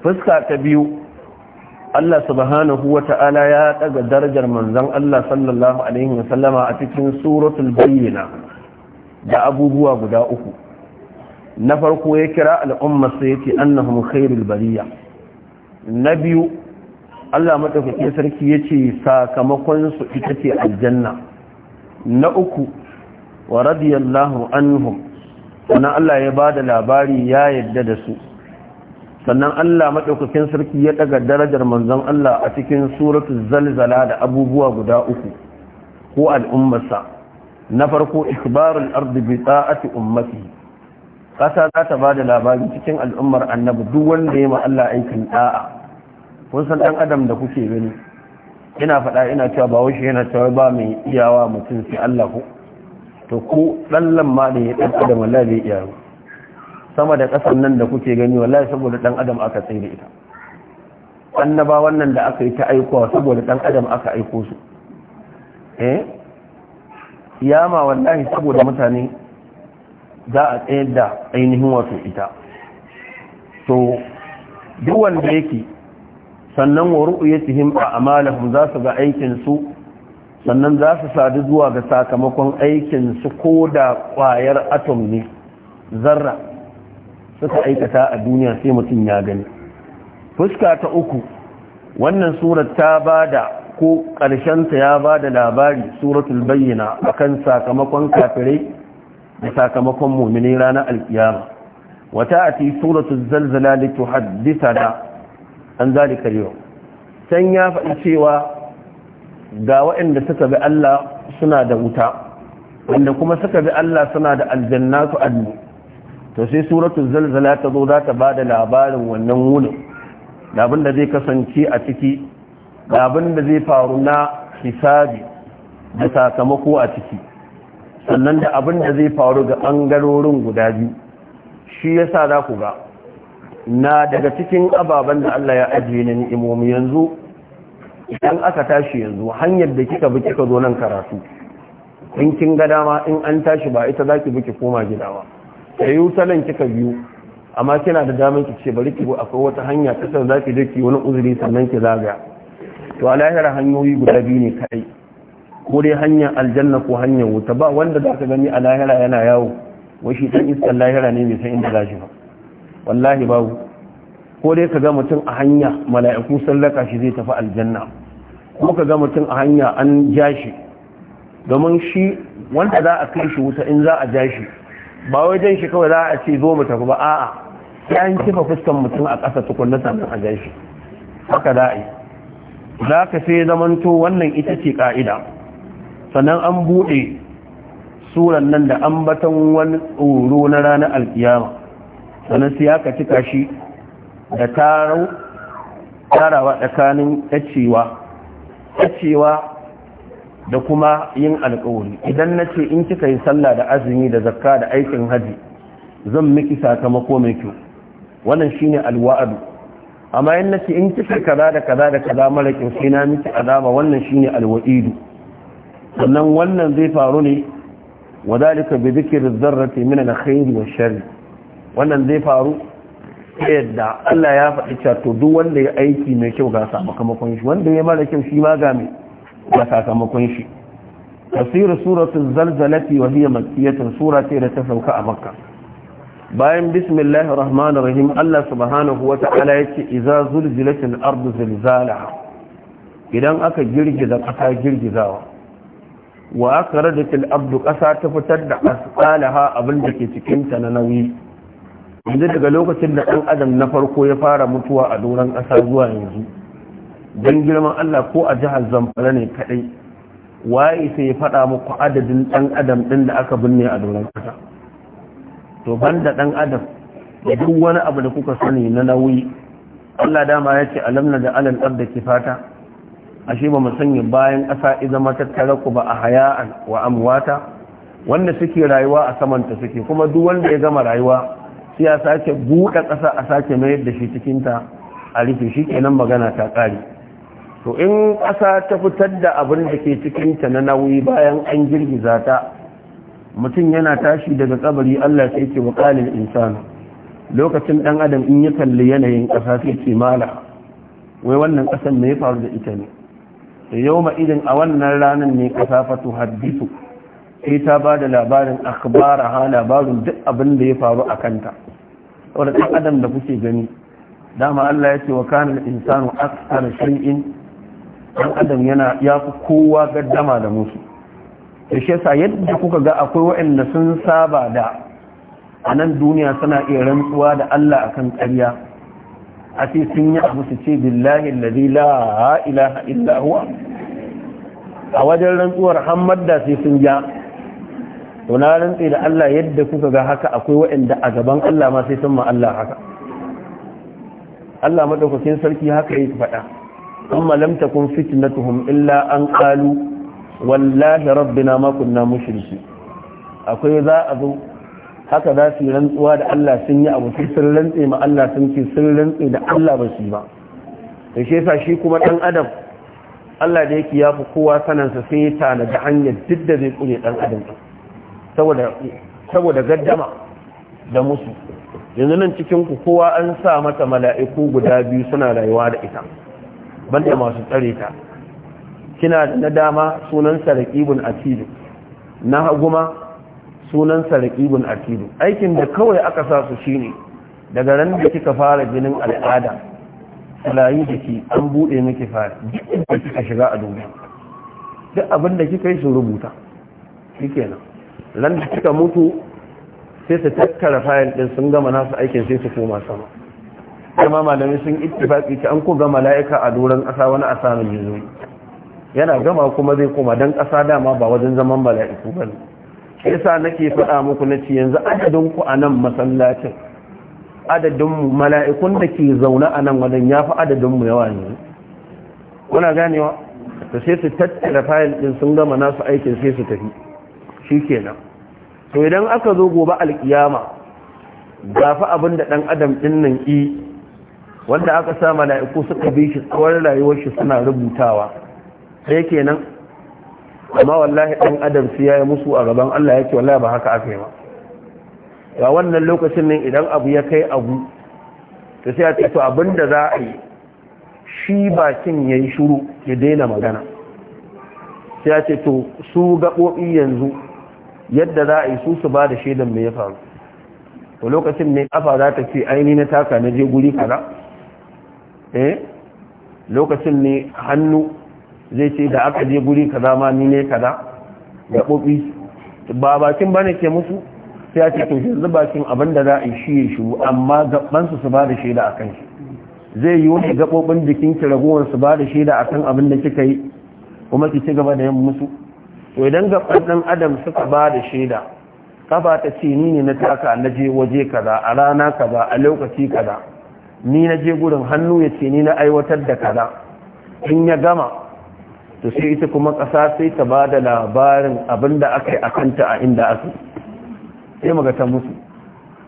fuska ta biyu Allah subhanahu wa ta'ala ya daga darajar manzon Allah sallallahu alaihi wasallama a cikin suratul bayyina da abubuwa guda uku na farko ya kira al'umma sai yake annahum khairul bariya na biyu Allah madaukakin sarki yace sakamakon su ita ce aljanna na uku wa radiyallahu anhum wani Allah ya bada labari ya yadda da su sannan Allah maɗaukakin sarki ya ɗaga darajar manzon Allah a cikin suratu zalzala da abubuwa guda uku ko al'ummarsa na farko ikbarul ardi bi ta'ati ummati ƙasa za ta ba da labari cikin al'ummar annabi duk wanda ya ma Allah aikin da'a kun san ɗan adam da kuke gani ina faɗa ina cewa ba washe yana cewa ba mai iyawa mutum sai Allah ko to ko dan lamma ne ya ɗan adam Allah bai iya sama da ƙasar nan da kuke gani wallahi saboda ɗan adam aka tsaye da ita annaba wannan da aka yi ta aikowa saboda ɗan adam aka aiko su eh yama wallahi saboda mutane za a tsayar da ainihin wato ita to duk wanda yake sannan wa ru'yatihim a amalahum za su ga aikin su sannan za su sadu zuwa ga sakamakon aikin su ko da kwayar atom ne zarra suka aikata a duniya sai mutum ya gani fuska ta uku wannan surar ta ba da ko ƙarshenta ya ba da labari suratul bayyana akan sakamakon kafirai da sakamakon mummune ranar alkiyama wata a ti suratul zalzala da tuhaddisa da an zalika yau can ya faɗi cewa ga waɗanda suka bi Allah suna da wuta wanda kuma suka bi Allah suna da aljannatu allo. to sai suratul zalzala ta zo za ta ba da labarin wannan wunin da abin da zai kasance a ciki da abin da zai faru na hisabi da sakamako a ciki sannan da abin da zai faru ga ɓangarorin guda biyu shi ya sa za ku ga na daga cikin ababen da Allah ya ajiye na ni'imomi yanzu idan aka tashi yanzu hanyar da kika bi kika zo nan karatu in kin ga dama in an tashi ba ita za ki bi ki koma gida ba ta yi kika biyu amma kina da damar ki ce bari ki akwai wata hanya kasar za ki je ki wani uzuri sannan ki zagaya to alahira hanyoyi guda biyu ne kai ko dai hanyar aljanna ko hanyar wuta ba wanda za ka gani a yana yawo washi dan iskan lahira ne mai san inda za shi ba wallahi babu ko dai ka ga mutum a hanya mala'iku sun laka shi zai tafi aljanna ko ka ga mutum a hanya an ja shi domin shi wanda za a kai shi wuta in za a ja ba wajen shi kawai za a ce zo mu tafi ba a'a sai an kifa fuskan mutum a ƙasa tukunna sa a gan shi haka za yi za ka sai zamanto wannan ita ce ƙa'ida sannan an buɗe suran nan da ambaton wani tsoro na ranar alkiyama sannan sai aka cika shi da tarawa tsakanin tacewa da kuma yin alkawari idan na ce in kika yi sallah da azumi da zakka da aikin haji zan miki sakamako mai kyau wannan shine alwa'adu amma in na ce in kika kaza da kaza da kaza mara kyau sai na miki azaba wannan shine alwa'idu sannan wannan zai faru ne wa dalika bi dhikri dharrati min alkhayr wa sharr wannan zai faru yadda Allah ya faɗi cewa to duk wanda ya aiki mai kyau ga sakamakon shi wanda ya mara kyau shi ma ga mai da sakamakon shi tafsirin suratul zalzalati wa hiya makkiyatun sura ce da ta sauka a makka bayan bismillahir rahmanir rahim Allah subhanahu wata'ala yace idza zulzilatil ardu zilzalaha idan aka girgiza kasa girgizawa wa akradatil ardu kasa ta fitar da asqalaha abin da ke cikin ta na nauyi yanzu daga lokacin da dan adam na farko ya fara mutuwa a doron kasa zuwa yanzu don girman Allah ko a jihar zamfara ne kadai waye sai ya faɗa muku adadin ɗan adam ɗin da aka binne a doron kasa to banda ɗan adam da duk wani abu da kuka sani na nauyi Allah dama ya ce alamna da alal da kifata ashe ba mu sanya bayan ƙasa idan ma tattara ku ba a haya'an wa amwata wanda suke rayuwa a saman ta suke kuma duk wanda ya gama rayuwa sai ya sake buɗe ƙasa a sake mayar da shi cikin ta a rufe shi kenan magana ta ƙare to in ƙasa ta fitar da abin da ke cikinta na nauyi bayan an girgiza ta mutum yana tashi daga kabari Allah sai ke waƙalin insan lokacin ɗan adam in yi kalli yanayin ƙasa sai ce mala wai wannan ƙasan mai faru da ita ne da yau ma'idin a wannan ranar ne ƙasa fatu haddisu sai ta ba da labarin akhbara ha labarin duk abin da ya faru a kanta wadda ɗan adam da kuke gani dama Allah ya ce wa kanin insanu aksar shirin dan adam yana ya fi kowa gaddama da musu da shi yasa yadda kuka ga akwai waɗanda sun saba da a nan duniya suna iya rantsuwa da Allah akan ƙarya a ce sun yi abu su ce billahi alladhi la ilaha illa huwa a wajen rantsuwar da sai sun ja to na rantsi da Allah yadda kuka ga haka akwai waɗanda a gaban Allah ma sai sun ma Allah haka Allah madaukakin sarki haka yake faɗa ثم لم تكن فتنتهم illa an قالوا wallahi ربنا ما كنا مشركين akwai za a zo haka za su yi rantsuwa da Allah sun yi abu sun rantse ma Allah sun ce sun rantse da Allah ba su ba da shi yasa shi kuma ɗan adam Allah da yake yafi kowa sanansa sai ya tana da hanyar duk da zai kure dan adam saboda gaddama da musu yanzu nan cikin ku kowa an sa mata mala'iku guda biyu suna rayuwa da ita banda masu tsare ta kina na dama sunan raqibun Atidu, na haguma sunan raqibun Atidu. aikin da kawai aka sa su shine daga ran da kika fara jinin al'ada sulayi da ki an bude miki fara kika shiga a duniya duk abin da kika yi su rubuta shikenan ran da kika mutu sai su tattara fayil ɗin sun gama nasu aikin sai su koma sama kuma malamai sun ittifaki ta an kuga mala'ika a doron ƙasa wani asamin yanzu yana gama kuma zai koma don ƙasa dama ba wajen zaman mala'iku ba ne yasa nake faɗa muku na ce yanzu adadin ku a nan masallacin adadin mala'ikun da ke zaune a nan wajen ya fi adadin mu yawa ne kuna ganewa ta sai su tattara fayil ɗin sun gama nasu aikin sai su tafi shi kenan to idan aka zo gobe alkiyama gafi abin da ɗan adam ɗin nan i wanda aka sa mala'iku suka bi shi tsawon rayuwar shi suna rubutawa sai kenan amma wallahi dan adam sai yayi musu a gaban Allah yake wallahi ba haka aka yi ba ga wannan lokacin ne idan abu ya kai abu to sai a ce to abinda za a yi shi bakin yayi shiru ya daina magana sai a ce to su gaɓoɓi yanzu yadda za a yi su su bada da shaidan mai ya faru to lokacin ne kafa za ta ce aini na taka na je guri kaza eh lokacin ne hannu zai ce da aka je guri kaza ma ni ne kaza da kofi ba bakin bane ke musu sai a ce to yanzu abin da za a shi amma gaban su su ba da shaida akan shi zai yi wani gabobin jikin ki ragowar su ba da shaida akan abin da kika yi kuma ki ci gaba da yin musu to idan gaban dan adam suka ba da shaida kafa ta ce ni ne na taka na je waje kaza a rana kaza a lokaci kaza ni na je gurin hannu ya ce ni na aiwatar da kaza in ya gama to sai ita kuma ƙasa sai ta ba da labarin abin da aka yi a kanta a inda aka sai maga ta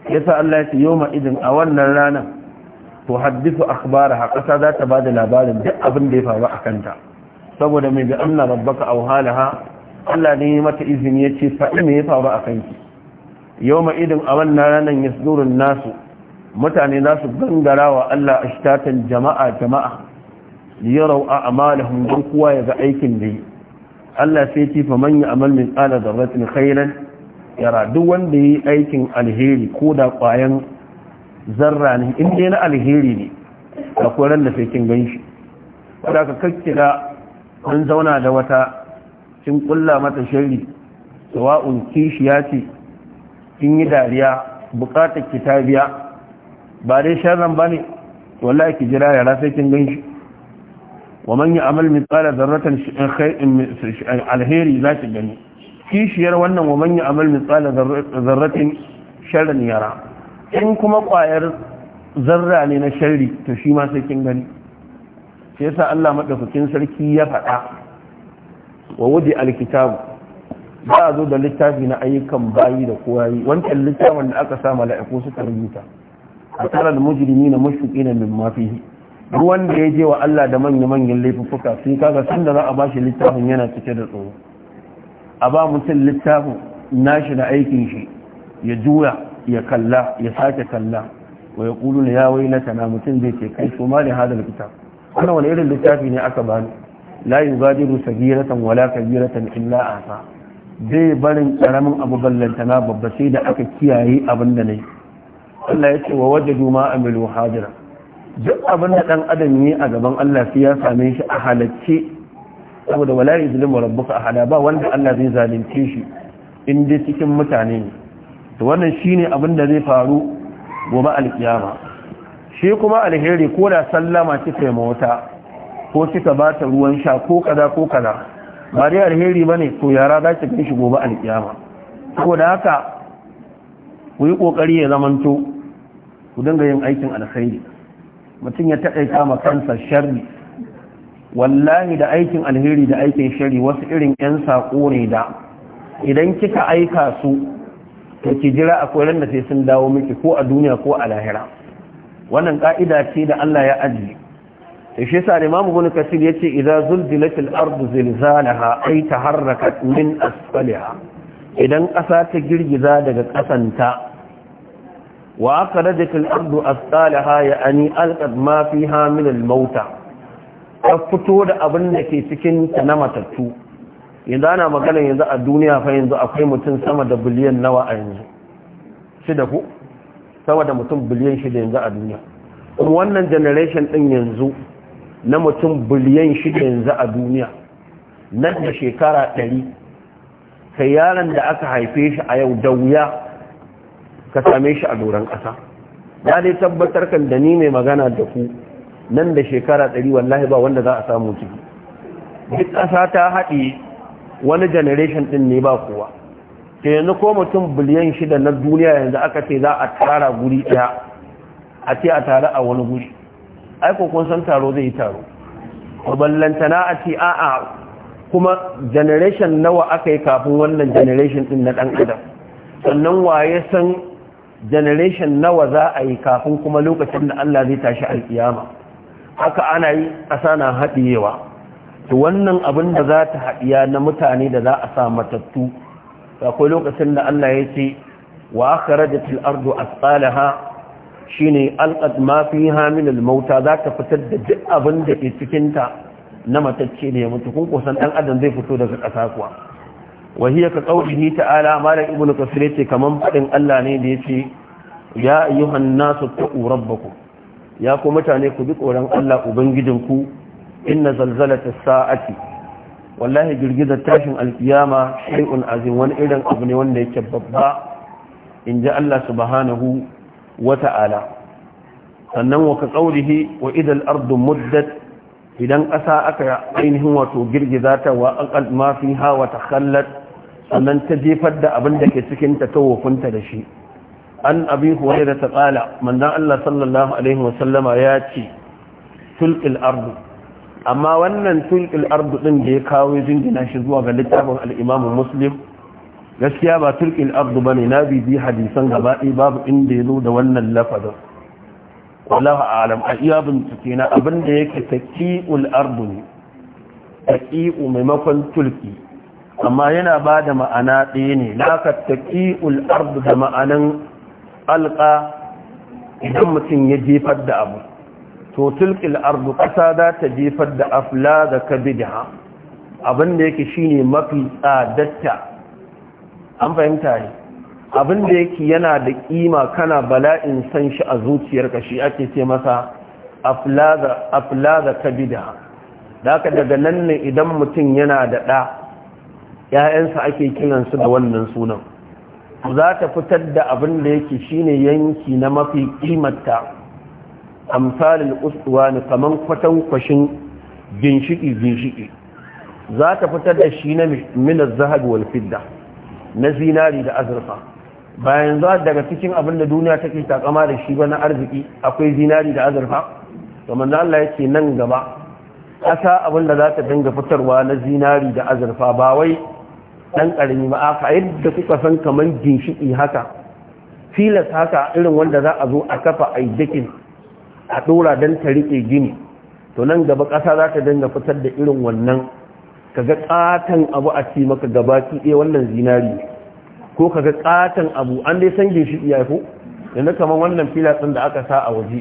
Ya sa Allah ya ce yau ma'izin a wannan ranar to haddisu akhbara a ƙasa za ta ba da labarin duk abin da ya faru a kanta saboda mai bi anna rabbaka aw halaha Allah ne ya mata izini ya ce fa'i me ya faru a kanki yau ma'izin a wannan ranar yasdurun nasu mutane za su gangara wa Allah ashtatan jama'a jama'a yarau a amalahum don kowa ya ga aikin da yi Allah sai kifa fa man ya'mal min da dharratin khairan yara duk wanda yi aikin alheri ko da kwayan zarra ne in dai na alheri ne da koran da sai kin ganshi kada ka kakkira an zauna da wata cin kulla mata shirri sawa'un kishiya ce kin yi dariya bukatar kitabiya ba dai sharran ba ne wallahi ki jira yara sai kin gan shi wa man ya amal mithqala dharratan eh, eh, alheri za ki gani kishiyar wannan wa man ya amal mithqala dharratin sharran yara in kuma kwayar zarra ne na sharri to shi ma sai kin gani sai yasa Allah madaukakin sarki ya faɗa wa wudi alkitabu za a zo da littafi na ayyukan bayi da kowayi wancan littafin da aka sa mala'iku suka rubuta a tsarar mujirmi na mashuƙi na min ruwan da ya je wa Allah da manya-manyan laifuffuka sai kaga san da za a bashi littafin yana cike da tsoro a ba mutum littafin nashi da aikin shi ya juya ya kalla ya sake kalla wa ya kulu na yawai na tana mutum zai ce kai su ma da hada wani irin littafi ne aka bani la gajiru sagiratan wala kabiratan illa asa zai barin karamin abu ballantana babba sai da aka kiyaye abin da nayi Allah ya ce wa duma a milu hajira. duk abin da ɗan adam ne a gaban Allah fi ya same shi a halacce saboda wala wa rabbuka hada ba wanda Allah zai zalunce shi in dai cikin mutane ne to wannan shine abin da zai faru gobe alkiyama shi kuma alheri ko da sallama kika ma wata ko kika ba ta ruwan sha ko kaza ko kaza ba dai alheri ba ne to yara za ki gan shi gobe alkiyama saboda haka ku yi kokari ya zamanto ku dinga yin aikin alkhairi mutum ya taƙaita ma kansa sharri wallahi da aikin alheri da aikin shari wasu irin 'yan saƙo ne da idan kika aika su to ki jira akwai ran da sai sun dawo miki ko a duniya ko a lahira wannan ka'ida ce da Allah ya ajiye da shi sa Imam Ibn Kathir yace idza zulzilatil ardu zilzalaha ay taharrakat min asfaliha idan ƙasa ta girgiza daga ƙasanta ya ani وأخرجت الأرض mauta. يعني fito da abin da ke cikin ta na matattu. yanzu ana magana yanzu a duniya fa yanzu akwai mutum sama da biliyan nawa a yanzu shida ku sama da mutum biliyan shida yanzu a duniya kuma wannan generation din yanzu na mutum biliyan shida yanzu a duniya nan da shekara ɗari kai yaron da aka haife shi a yau da wuya ka same shi a doron ƙasa ya dai tabbatar kan da ni mai magana da ku nan da shekara ɗari wallahi ba wanda za a samu ciki duk ƙasa ta haɗe wani generation ɗin ne ba kowa ke yanzu ko mutum biliyan shida na duniya yanzu aka ce za a tara guri ɗaya a ce a tare a wani guri Ai ko kun san taro zai yi taro ballantana a ce a'a kuma generation nawa aka yi kafin wannan generation ɗin na ɗan adam sannan waye san generation nawa za a yi kafin kuma lokacin da Allah zai tashi alkiyama haka ana yi ƙasa na haɗiyewa to wannan abin da za ta haɗiya na mutane da za a sa matattu akwai lokacin da Allah ya ce wa akhrajatil ardu asqalaha shine alqad ma fiha min al-mauta za ta fitar da duk abin da ke cikin ta na matacce ne mutu kun kusan ɗan adam zai fito daga ƙasa kuwa ka وهي كقوله تعالى مالك ابن كثير kamar فدن Allah ne da yace ya ayyuhan nasu taqu rabbakum ya ku mutane ku bi tsoron Allah ubangijinku inna ta sa'ati wallahi girgizar tashin alkiyama shay'un azim wani irin abu ne wanda yake babba inji Allah subhanahu wa ta'ala sannan wa ka qawlihi wa idal ardu muddat idan ƙasa aka ainihin wato girgiza ta wa aqal ma fiha wa takhallat sannan ta jefar da abin da ke cikin ta tawafinta da shi an abi da ta qala manzon Allah sallallahu alaihi wasallama ya ce tulqil ardu amma wannan tulƙin ardu din da ya kawo jingina shi zuwa ga littafin al'imamin imam Muslim gaskiya ba tulqil ardu ne na bibi hadisan gaba babu inda ya zo da wannan lafazin wallahu a'lam a iya bincike na abin da yake taqiul ardu ne taqiu maimakon tulƙi. amma yana ba da ma'ana ɗaya ne na ka taƙi ul'ardu da ma'anin alƙa idan mutum ya jefar da abu to tilƙil arzu ƙasa za ta jefar da afla da ha, abin da yake ne mafi tsadatta an fahimta ne abin da yake yana da ƙima kana bala'in san shi a zuciyarka shi ake ce masa afla da kabida da daga nan ne idan mutum yana da ɗa 'ya'yansa ake kiransu da wannan sunan za ta fitar da abin da yake shine yanki na mafi kimarta amsalin ustuwani kaman kwatankwashin ginshiki ginshiki za ta fitar da shi na minar zahabi wal fidda na zinari da azurfa bayan za daga cikin abin da duniya take takama da shi ba na arziki akwai zinari da azurfa to manzo Allah yake nan gaba Ƙasa abin da za ta dinga fitarwa na zinari da azurfa ba wai dan karami ba aka yadda kuka san kamar ginshiki haka filas haka irin wanda za a zo a kafa a dakin a dora dan ta riƙe gini to nan gaba ƙasa za ta dinga fitar da irin wannan ka ga ƙaton abu a ci maka gaba ki eh wannan zinari ko ka ga ƙaton abu an dai san ginshiki ya ko yanzu kaman wannan filas ɗin da aka sa a waje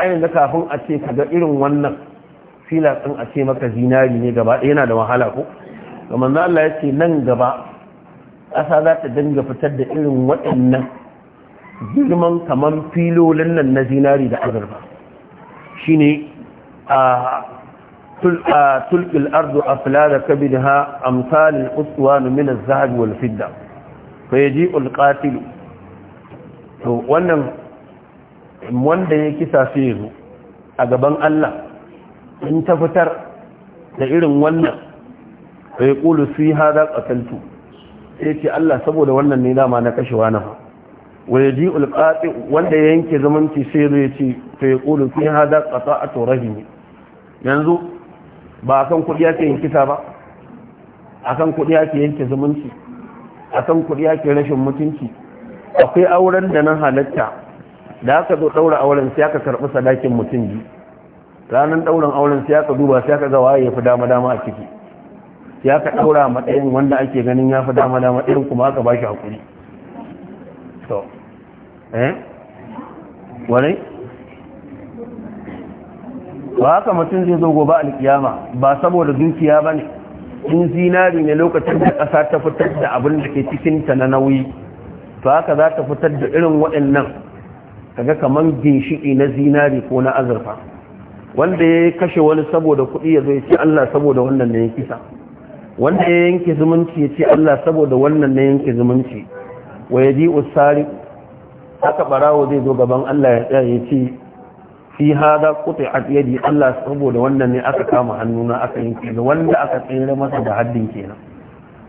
ayin kafin a ce ga irin wannan filas ɗin a ce maka zinari ne gaba ɗaya yana da wahala ko ga manzo Allah ya ce nan gaba ƙasa za ta dinga fitar da irin waɗannan girman kamar filolin nan na zinari da azurfa shine a tulqil ardu aflada kabidha amsal al-uswan min az-zahab wal fidda fa yaji'u al to wannan wanda ya kisa sai a gaban Allah in ta fitar da irin wannan fa su yi hadha qataltu sai ce Allah saboda wannan ne dama na kashewa na fa wa ji qati wanda yanke zumunci sai zai ce fa yaqulu ƙasa a qata'atu ne. yanzu ba akan kudi yake yin kisa ba akan kuɗi ake yanke zumunci akan kuɗi ake rashin mutunci akwai auren da nan halatta da aka zo daura auren sai aka karɓi sadakin mutum biyu ranar dauran auren sai aka duba sai aka ga waye ya fi dama dama a ciki ya ka ɗaura matsayin wanda ake ganin ya fi dama dama irin kuma aka ba shi hakuri to eh wani ba haka mutum zai zo gobe alkiyama ba saboda dukiya ba ne in zinari ne lokacin da ƙasa ta fitar da abin da ke cikin ta na nauyi to haka za ta fitar da irin waɗannan kaga kamar ginshiƙi na zinari ko na azurfa wanda ya kashe wani saboda kuɗi ya zo ya ce Allah saboda wannan ne ya kisa wanda ya yanke zumunci ya ce Allah saboda wannan na yanke zumunci wa ya ji usari haka barawo zai zo gaban Allah ya tsaya ya ce fi hada kuta a yadi Allah saboda wannan ne aka kama hannuna aka yanke da wanda aka tsere masa da haddin kenan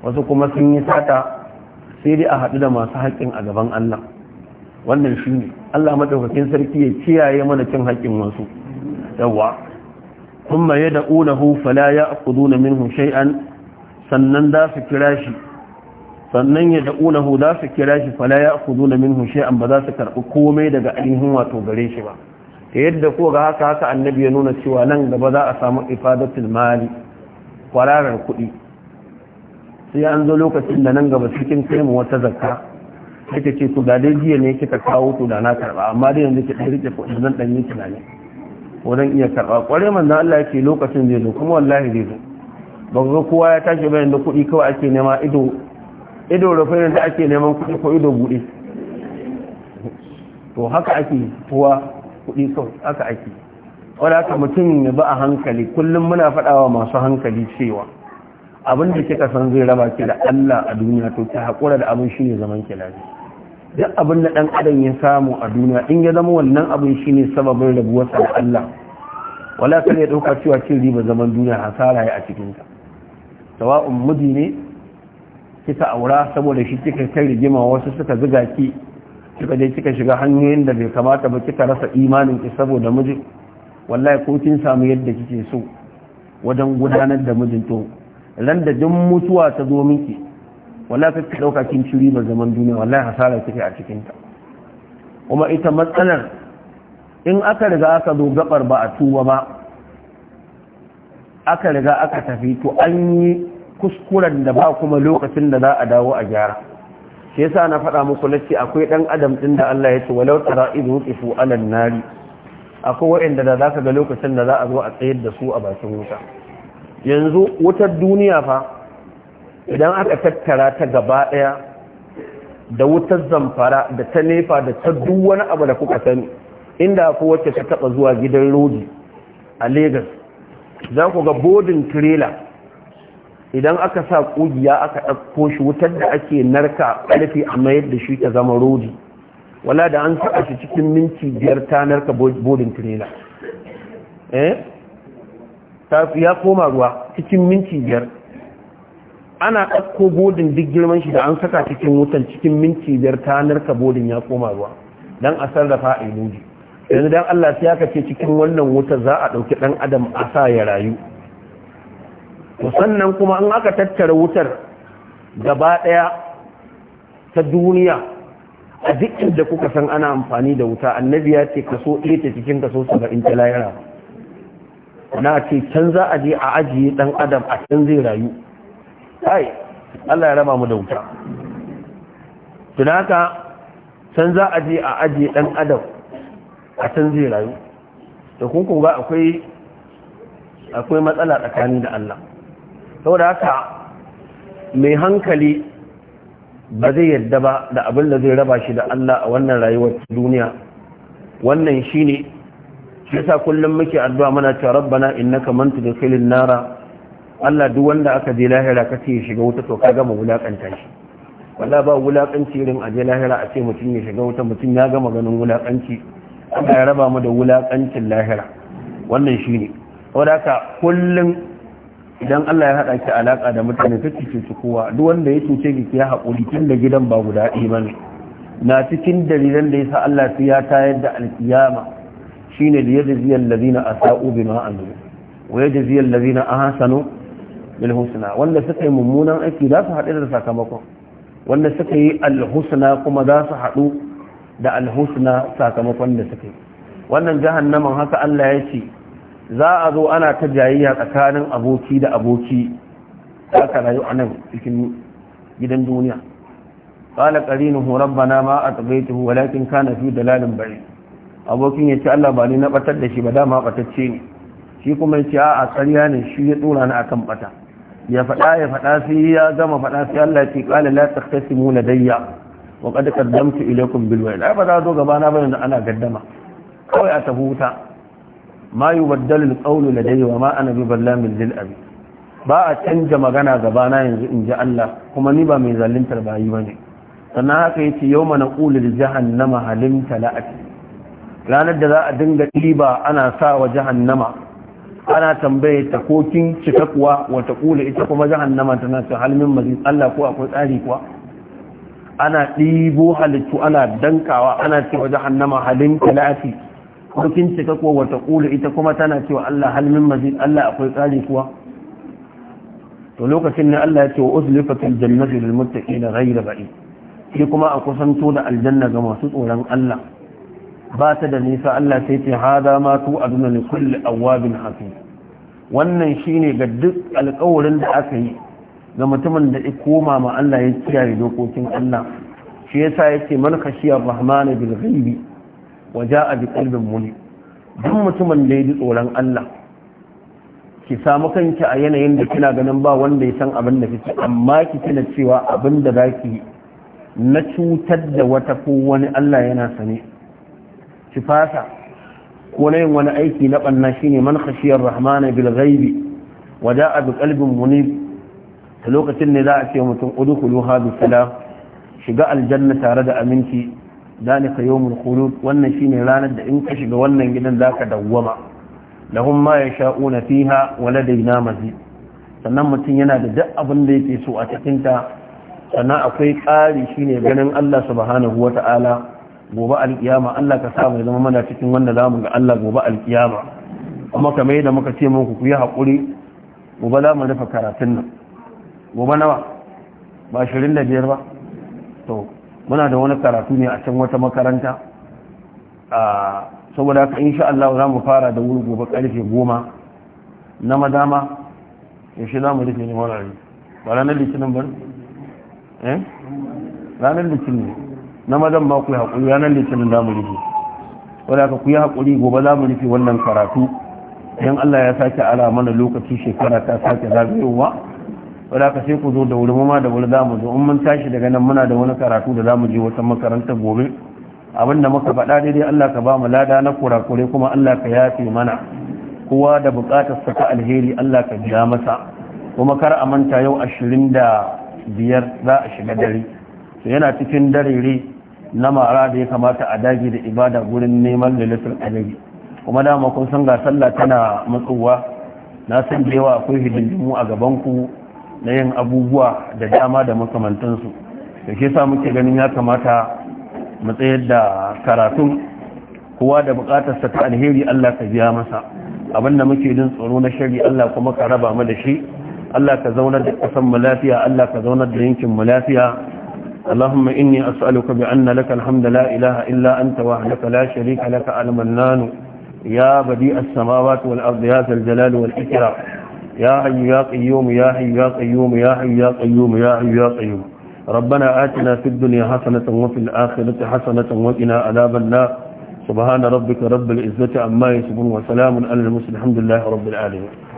wasu kuma sun yi sata sai dai a haɗu da masu haƙƙin a gaban Allah wannan shi ne Allah madaukakin sarki ya kiyaye mana cin haƙƙin wasu yawa kuma ya da'unahu fala ya'khuduna minhu an? sannan za su kira shi sannan ya da'unahu za su kira shi fala ya kudu na minhu shay'an ba za su karɓi komai daga ainihin wato gare shi ba ta yadda ko ga haka haka annabi ya nuna cewa nan gaba za a samu ifadatul mali kwararar kuɗi sai an zo lokacin da nan gaba cikin kai mu wata zakka kika ce to ga dai jiya ne kika kawo to da na karba amma dai yanzu ki rike kuɗi zan dan yi tunani ko zan iya karba kwarai manzo Allah yake lokacin zai zo kuma wallahi zai zo ba ga kowa ya tashi bayan da kuɗi kawai ake nema ido ido rufe da ake neman kuɗi ko ido buɗe to haka ake kowa kuɗi kawai haka ake wadda haka mutum ya ba a hankali kullum muna faɗawa masu hankali cewa abin da kika san zai raba ki da Allah a duniya to ki haƙura da abin shi ne zaman ki lafi duk abin da ɗan adam ya samu a duniya in ya zama wannan abin shi ne sababin rabuwarsa da Allah wala ne ya ɗauka cewa cin riba zaman duniya hasara ya a cikinta sawa'un mudi ne kika aura saboda shi kika kai rigima wasu suka ziga ki kika je kika shiga hanyoyin da bai kamata ba kika rasa imanin ki saboda miji wallahi ko kin samu yadda kike so wajen gudanar da mijin to ran da duk mutuwa ta zo miki wallahi kika dauka kin ciri ba zaman duniya wallahi hasara kike a cikin ta kuma ita matsalar in aka riga aka zo gabar ba a tuba ba aka riga aka tafi to an yi kuskuren da ba kuma lokacin da za a dawo a gyara shi yasa na faɗa muku lacci akwai ɗan adam ɗin da Allah ya ce walau tara idu qifu alan nari akwai waɗanda da za ka ga lokacin da za a zo a tsayar da su a bakin wuta yanzu wutar duniya fa idan aka tattara ta gaba ɗaya da wutar zamfara da ta nefa da ta duk wani abu da kuka sani inda akwai wacce ta taɓa zuwa gidan rodi a Legas za ku ga bodin tirela idan aka sa ƙugiya aka ɗauko shi wutar da ake narka ƙarfi a mayar da shi ta zama rodi wala da an saka shi cikin minti biyar ta narka bodin tirela eh ya koma ruwa cikin minti biyar ana ɗauko bodin duk girman shi da an saka cikin wutan cikin minti biyar ta narka bodin ya koma ruwa don a sarrafa a yi yanzu don allah sai aka ce cikin wannan wuta za a ɗauki ɗan adam a sa ya rayu sannan kuma an aka tattara wutar gaba daya ta duniya a duk inda kuka san ana amfani da wuta annabi ya ce kaso ɗaya ta cikin kaso saba'in ta layara na ce can za a je a ajiye dan adam a can zai rayu kai Allah ya raba mu da wuta tunaka can za a je a ajiye dan adam a can zai rayu da kun ga akwai akwai matsala tsakani da Allah saboda haka mai hankali ba zai yadda ba da abin da zai raba shi da Allah a wannan rayuwar duniya wannan shi ne shi sa kullum muke addu'a muna cewa rabbana kamanta da filin nara Allah duk wanda aka je lahira ka ce shiga wuta to ka gama wulakanta shi wanda ba wulakanci irin a je lahira a ce mutum ya shiga wuta mutum ya gama ganin wulakanci Allah ya raba mu da wulakancin lahira wannan shi ne haka kullum idan Allah ya haɗa ki alaƙa da mutane ta cuce su kowa duk wanda ya cuce ki ki haƙuri tun da gidan ba guda ɗaya ba na cikin dalilan da ya sa Allah su ya tayar da alkiyama shine da ya jaziyar lazina a sa'u bi ma'azu wa ya jaziyar lazina a hasanu bil husna wanda suka yi mummunan aiki za su haɗu da sakamakon wanda suka yi alhusna kuma za su haɗu da alhusna sakamakon da suka yi wannan jahannaman haka Allah ya ce za a zo ana ta jayayya tsakanin aboki da aboki ta aka rayu a nan cikin gidan duniya قال قرينه ربنا ما أتبيته walakin kana fi dalalin bari. abokin ya ce Allah ba ni na batar da shi ba dama batacce ne shi kuma ya ce a tsariya ne shi ya tsura ni akan bata ya faɗa ya faɗa sai ya gama faɗa sai Allah ce la na ladayya wa qad qaddamtu ilaykum bil ai ba za zo gaba na bane ana gaddama kawai a tafi wuta ma yubaddalu da ladayya wa ma ana bi ballamin lil abi ba a canja magana gabana yanzu in ji Allah kuma ni ba mai zaluntar bayi ne. sannan haka yace yau mana li jahannama halim tala'at ranar da za a dinga ɗiba ana sa wa jahannama ana tambaye ta ko kin cika kuwa wata kula ita kuma jahannama tana ta halmin mazin Allah ko akwai tsari kuwa ana ɗibo halittu ana dankawa ana cewa jahannama halin tala'ati ko cika ko wata ƙulu ita kuma tana cewa Allah halmin mazid Allah akwai ƙari kuwa to lokacin ne Allah ya ce wa uzlifatil jannatu lil muttaqina ghayra ba'i? shi kuma a kusanto da aljanna ga masu tsoron Allah ba ta da nisa Allah sai ce hada ma tu aduna li kulli awabin hafi wannan shine ga duk alƙawarin da aka yi ga mutumin da ya koma ma Allah ya kiyaye dokokin Allah shi yasa yake man khashiyar rahman bil ghaibi waja'a bi qalbin muni duk mutumin da ya ji tsoron Allah ki samu kanki a yanayin da kina ganin ba wanda ya san abin da kike amma ki tuna cewa abin da zaki na cutar da wata ko wani Allah yana sane ki fasa ko na yin wani aiki na banna shine man khashiyar rahmana bil ghaibi wada'a bi ta lokacin ne za a ce mutum udkhuluha bi salam shiga aljanna tare da aminci dalika yawmul khulud wannan shine ranar da in ka shiga wannan gidan zaka dawwama lahum ma yasha'una fiha wa ladayna mazid sannan mutum yana da duk abin da yake so a cikin ta sannan akwai ƙari shine ganin Allah subhanahu wata'ala gobe alkiyama Allah ka sa mu zama mana cikin wanda zamu ga Allah gobe alkiyama kuma kamar yadda muka ce muku ku yi hakuri gobe za mu rufe karatun nan gobe nawa ba 25 ba to muna da wani karatu ne a can wata makaranta a saboda ka insha Allah za mu fara da wuri gobe karfe goma na madama yaushe za mu rufe ne wurare ba ranar litinin ba eh ranar litinin na madan ma ku haƙuri ranar litinin za mu rufe wadda ka ku yi haƙuri gobe za mu rufe wannan karatu yan Allah ya sake ala mana lokaci shekara ta sake zagayowa wadda ka sai ku zo da wuri ma da wuri za mu zo in mun tashi daga nan muna da wani karatu da za mu je wata makaranta gobe abin da muka faɗa daidai Allah ka ba mu lada na kurakure kuma Allah ka yafe mana kowa da buƙatar sa ta alheri Allah ka biya masa kuma kar a manta yau ashirin da biyar za a shiga dare to yana cikin darere na mara da ya kamata a dage da ibada gurin neman lalatar adari kuma dama kun san ga sallah tana matsuwa na san da yawa akwai hidindimu a gaban ku na yin abubuwa da dama da makamantansu da ke sa muke ganin ya kamata matsayar da karatun kowa da bukatarsa ta alheri Allah ka biya masa abinda muke jin tsoro na shari Allah kuma ka raba mu da shi Allah ka zaunar da kasan mu lafiya Allah ka zaunar da yankin mu lafiya اللهم إني أسألك بأن لك الحمد لا إله إلا أنت وحدك لا شريك لك المنان يا بديع السماوات والأرض يا ذا الجلال والإكرام يا حي يا قيوم يا حي يا قيوم يا حي يا قيوم يا حي يا قيوم ربنا آتنا في الدنيا حسنة وفي الآخرة حسنة وقنا عذاب النار سبحان ربك رب العزة عما يصفون وسلام على المسلم الحمد لله رب العالمين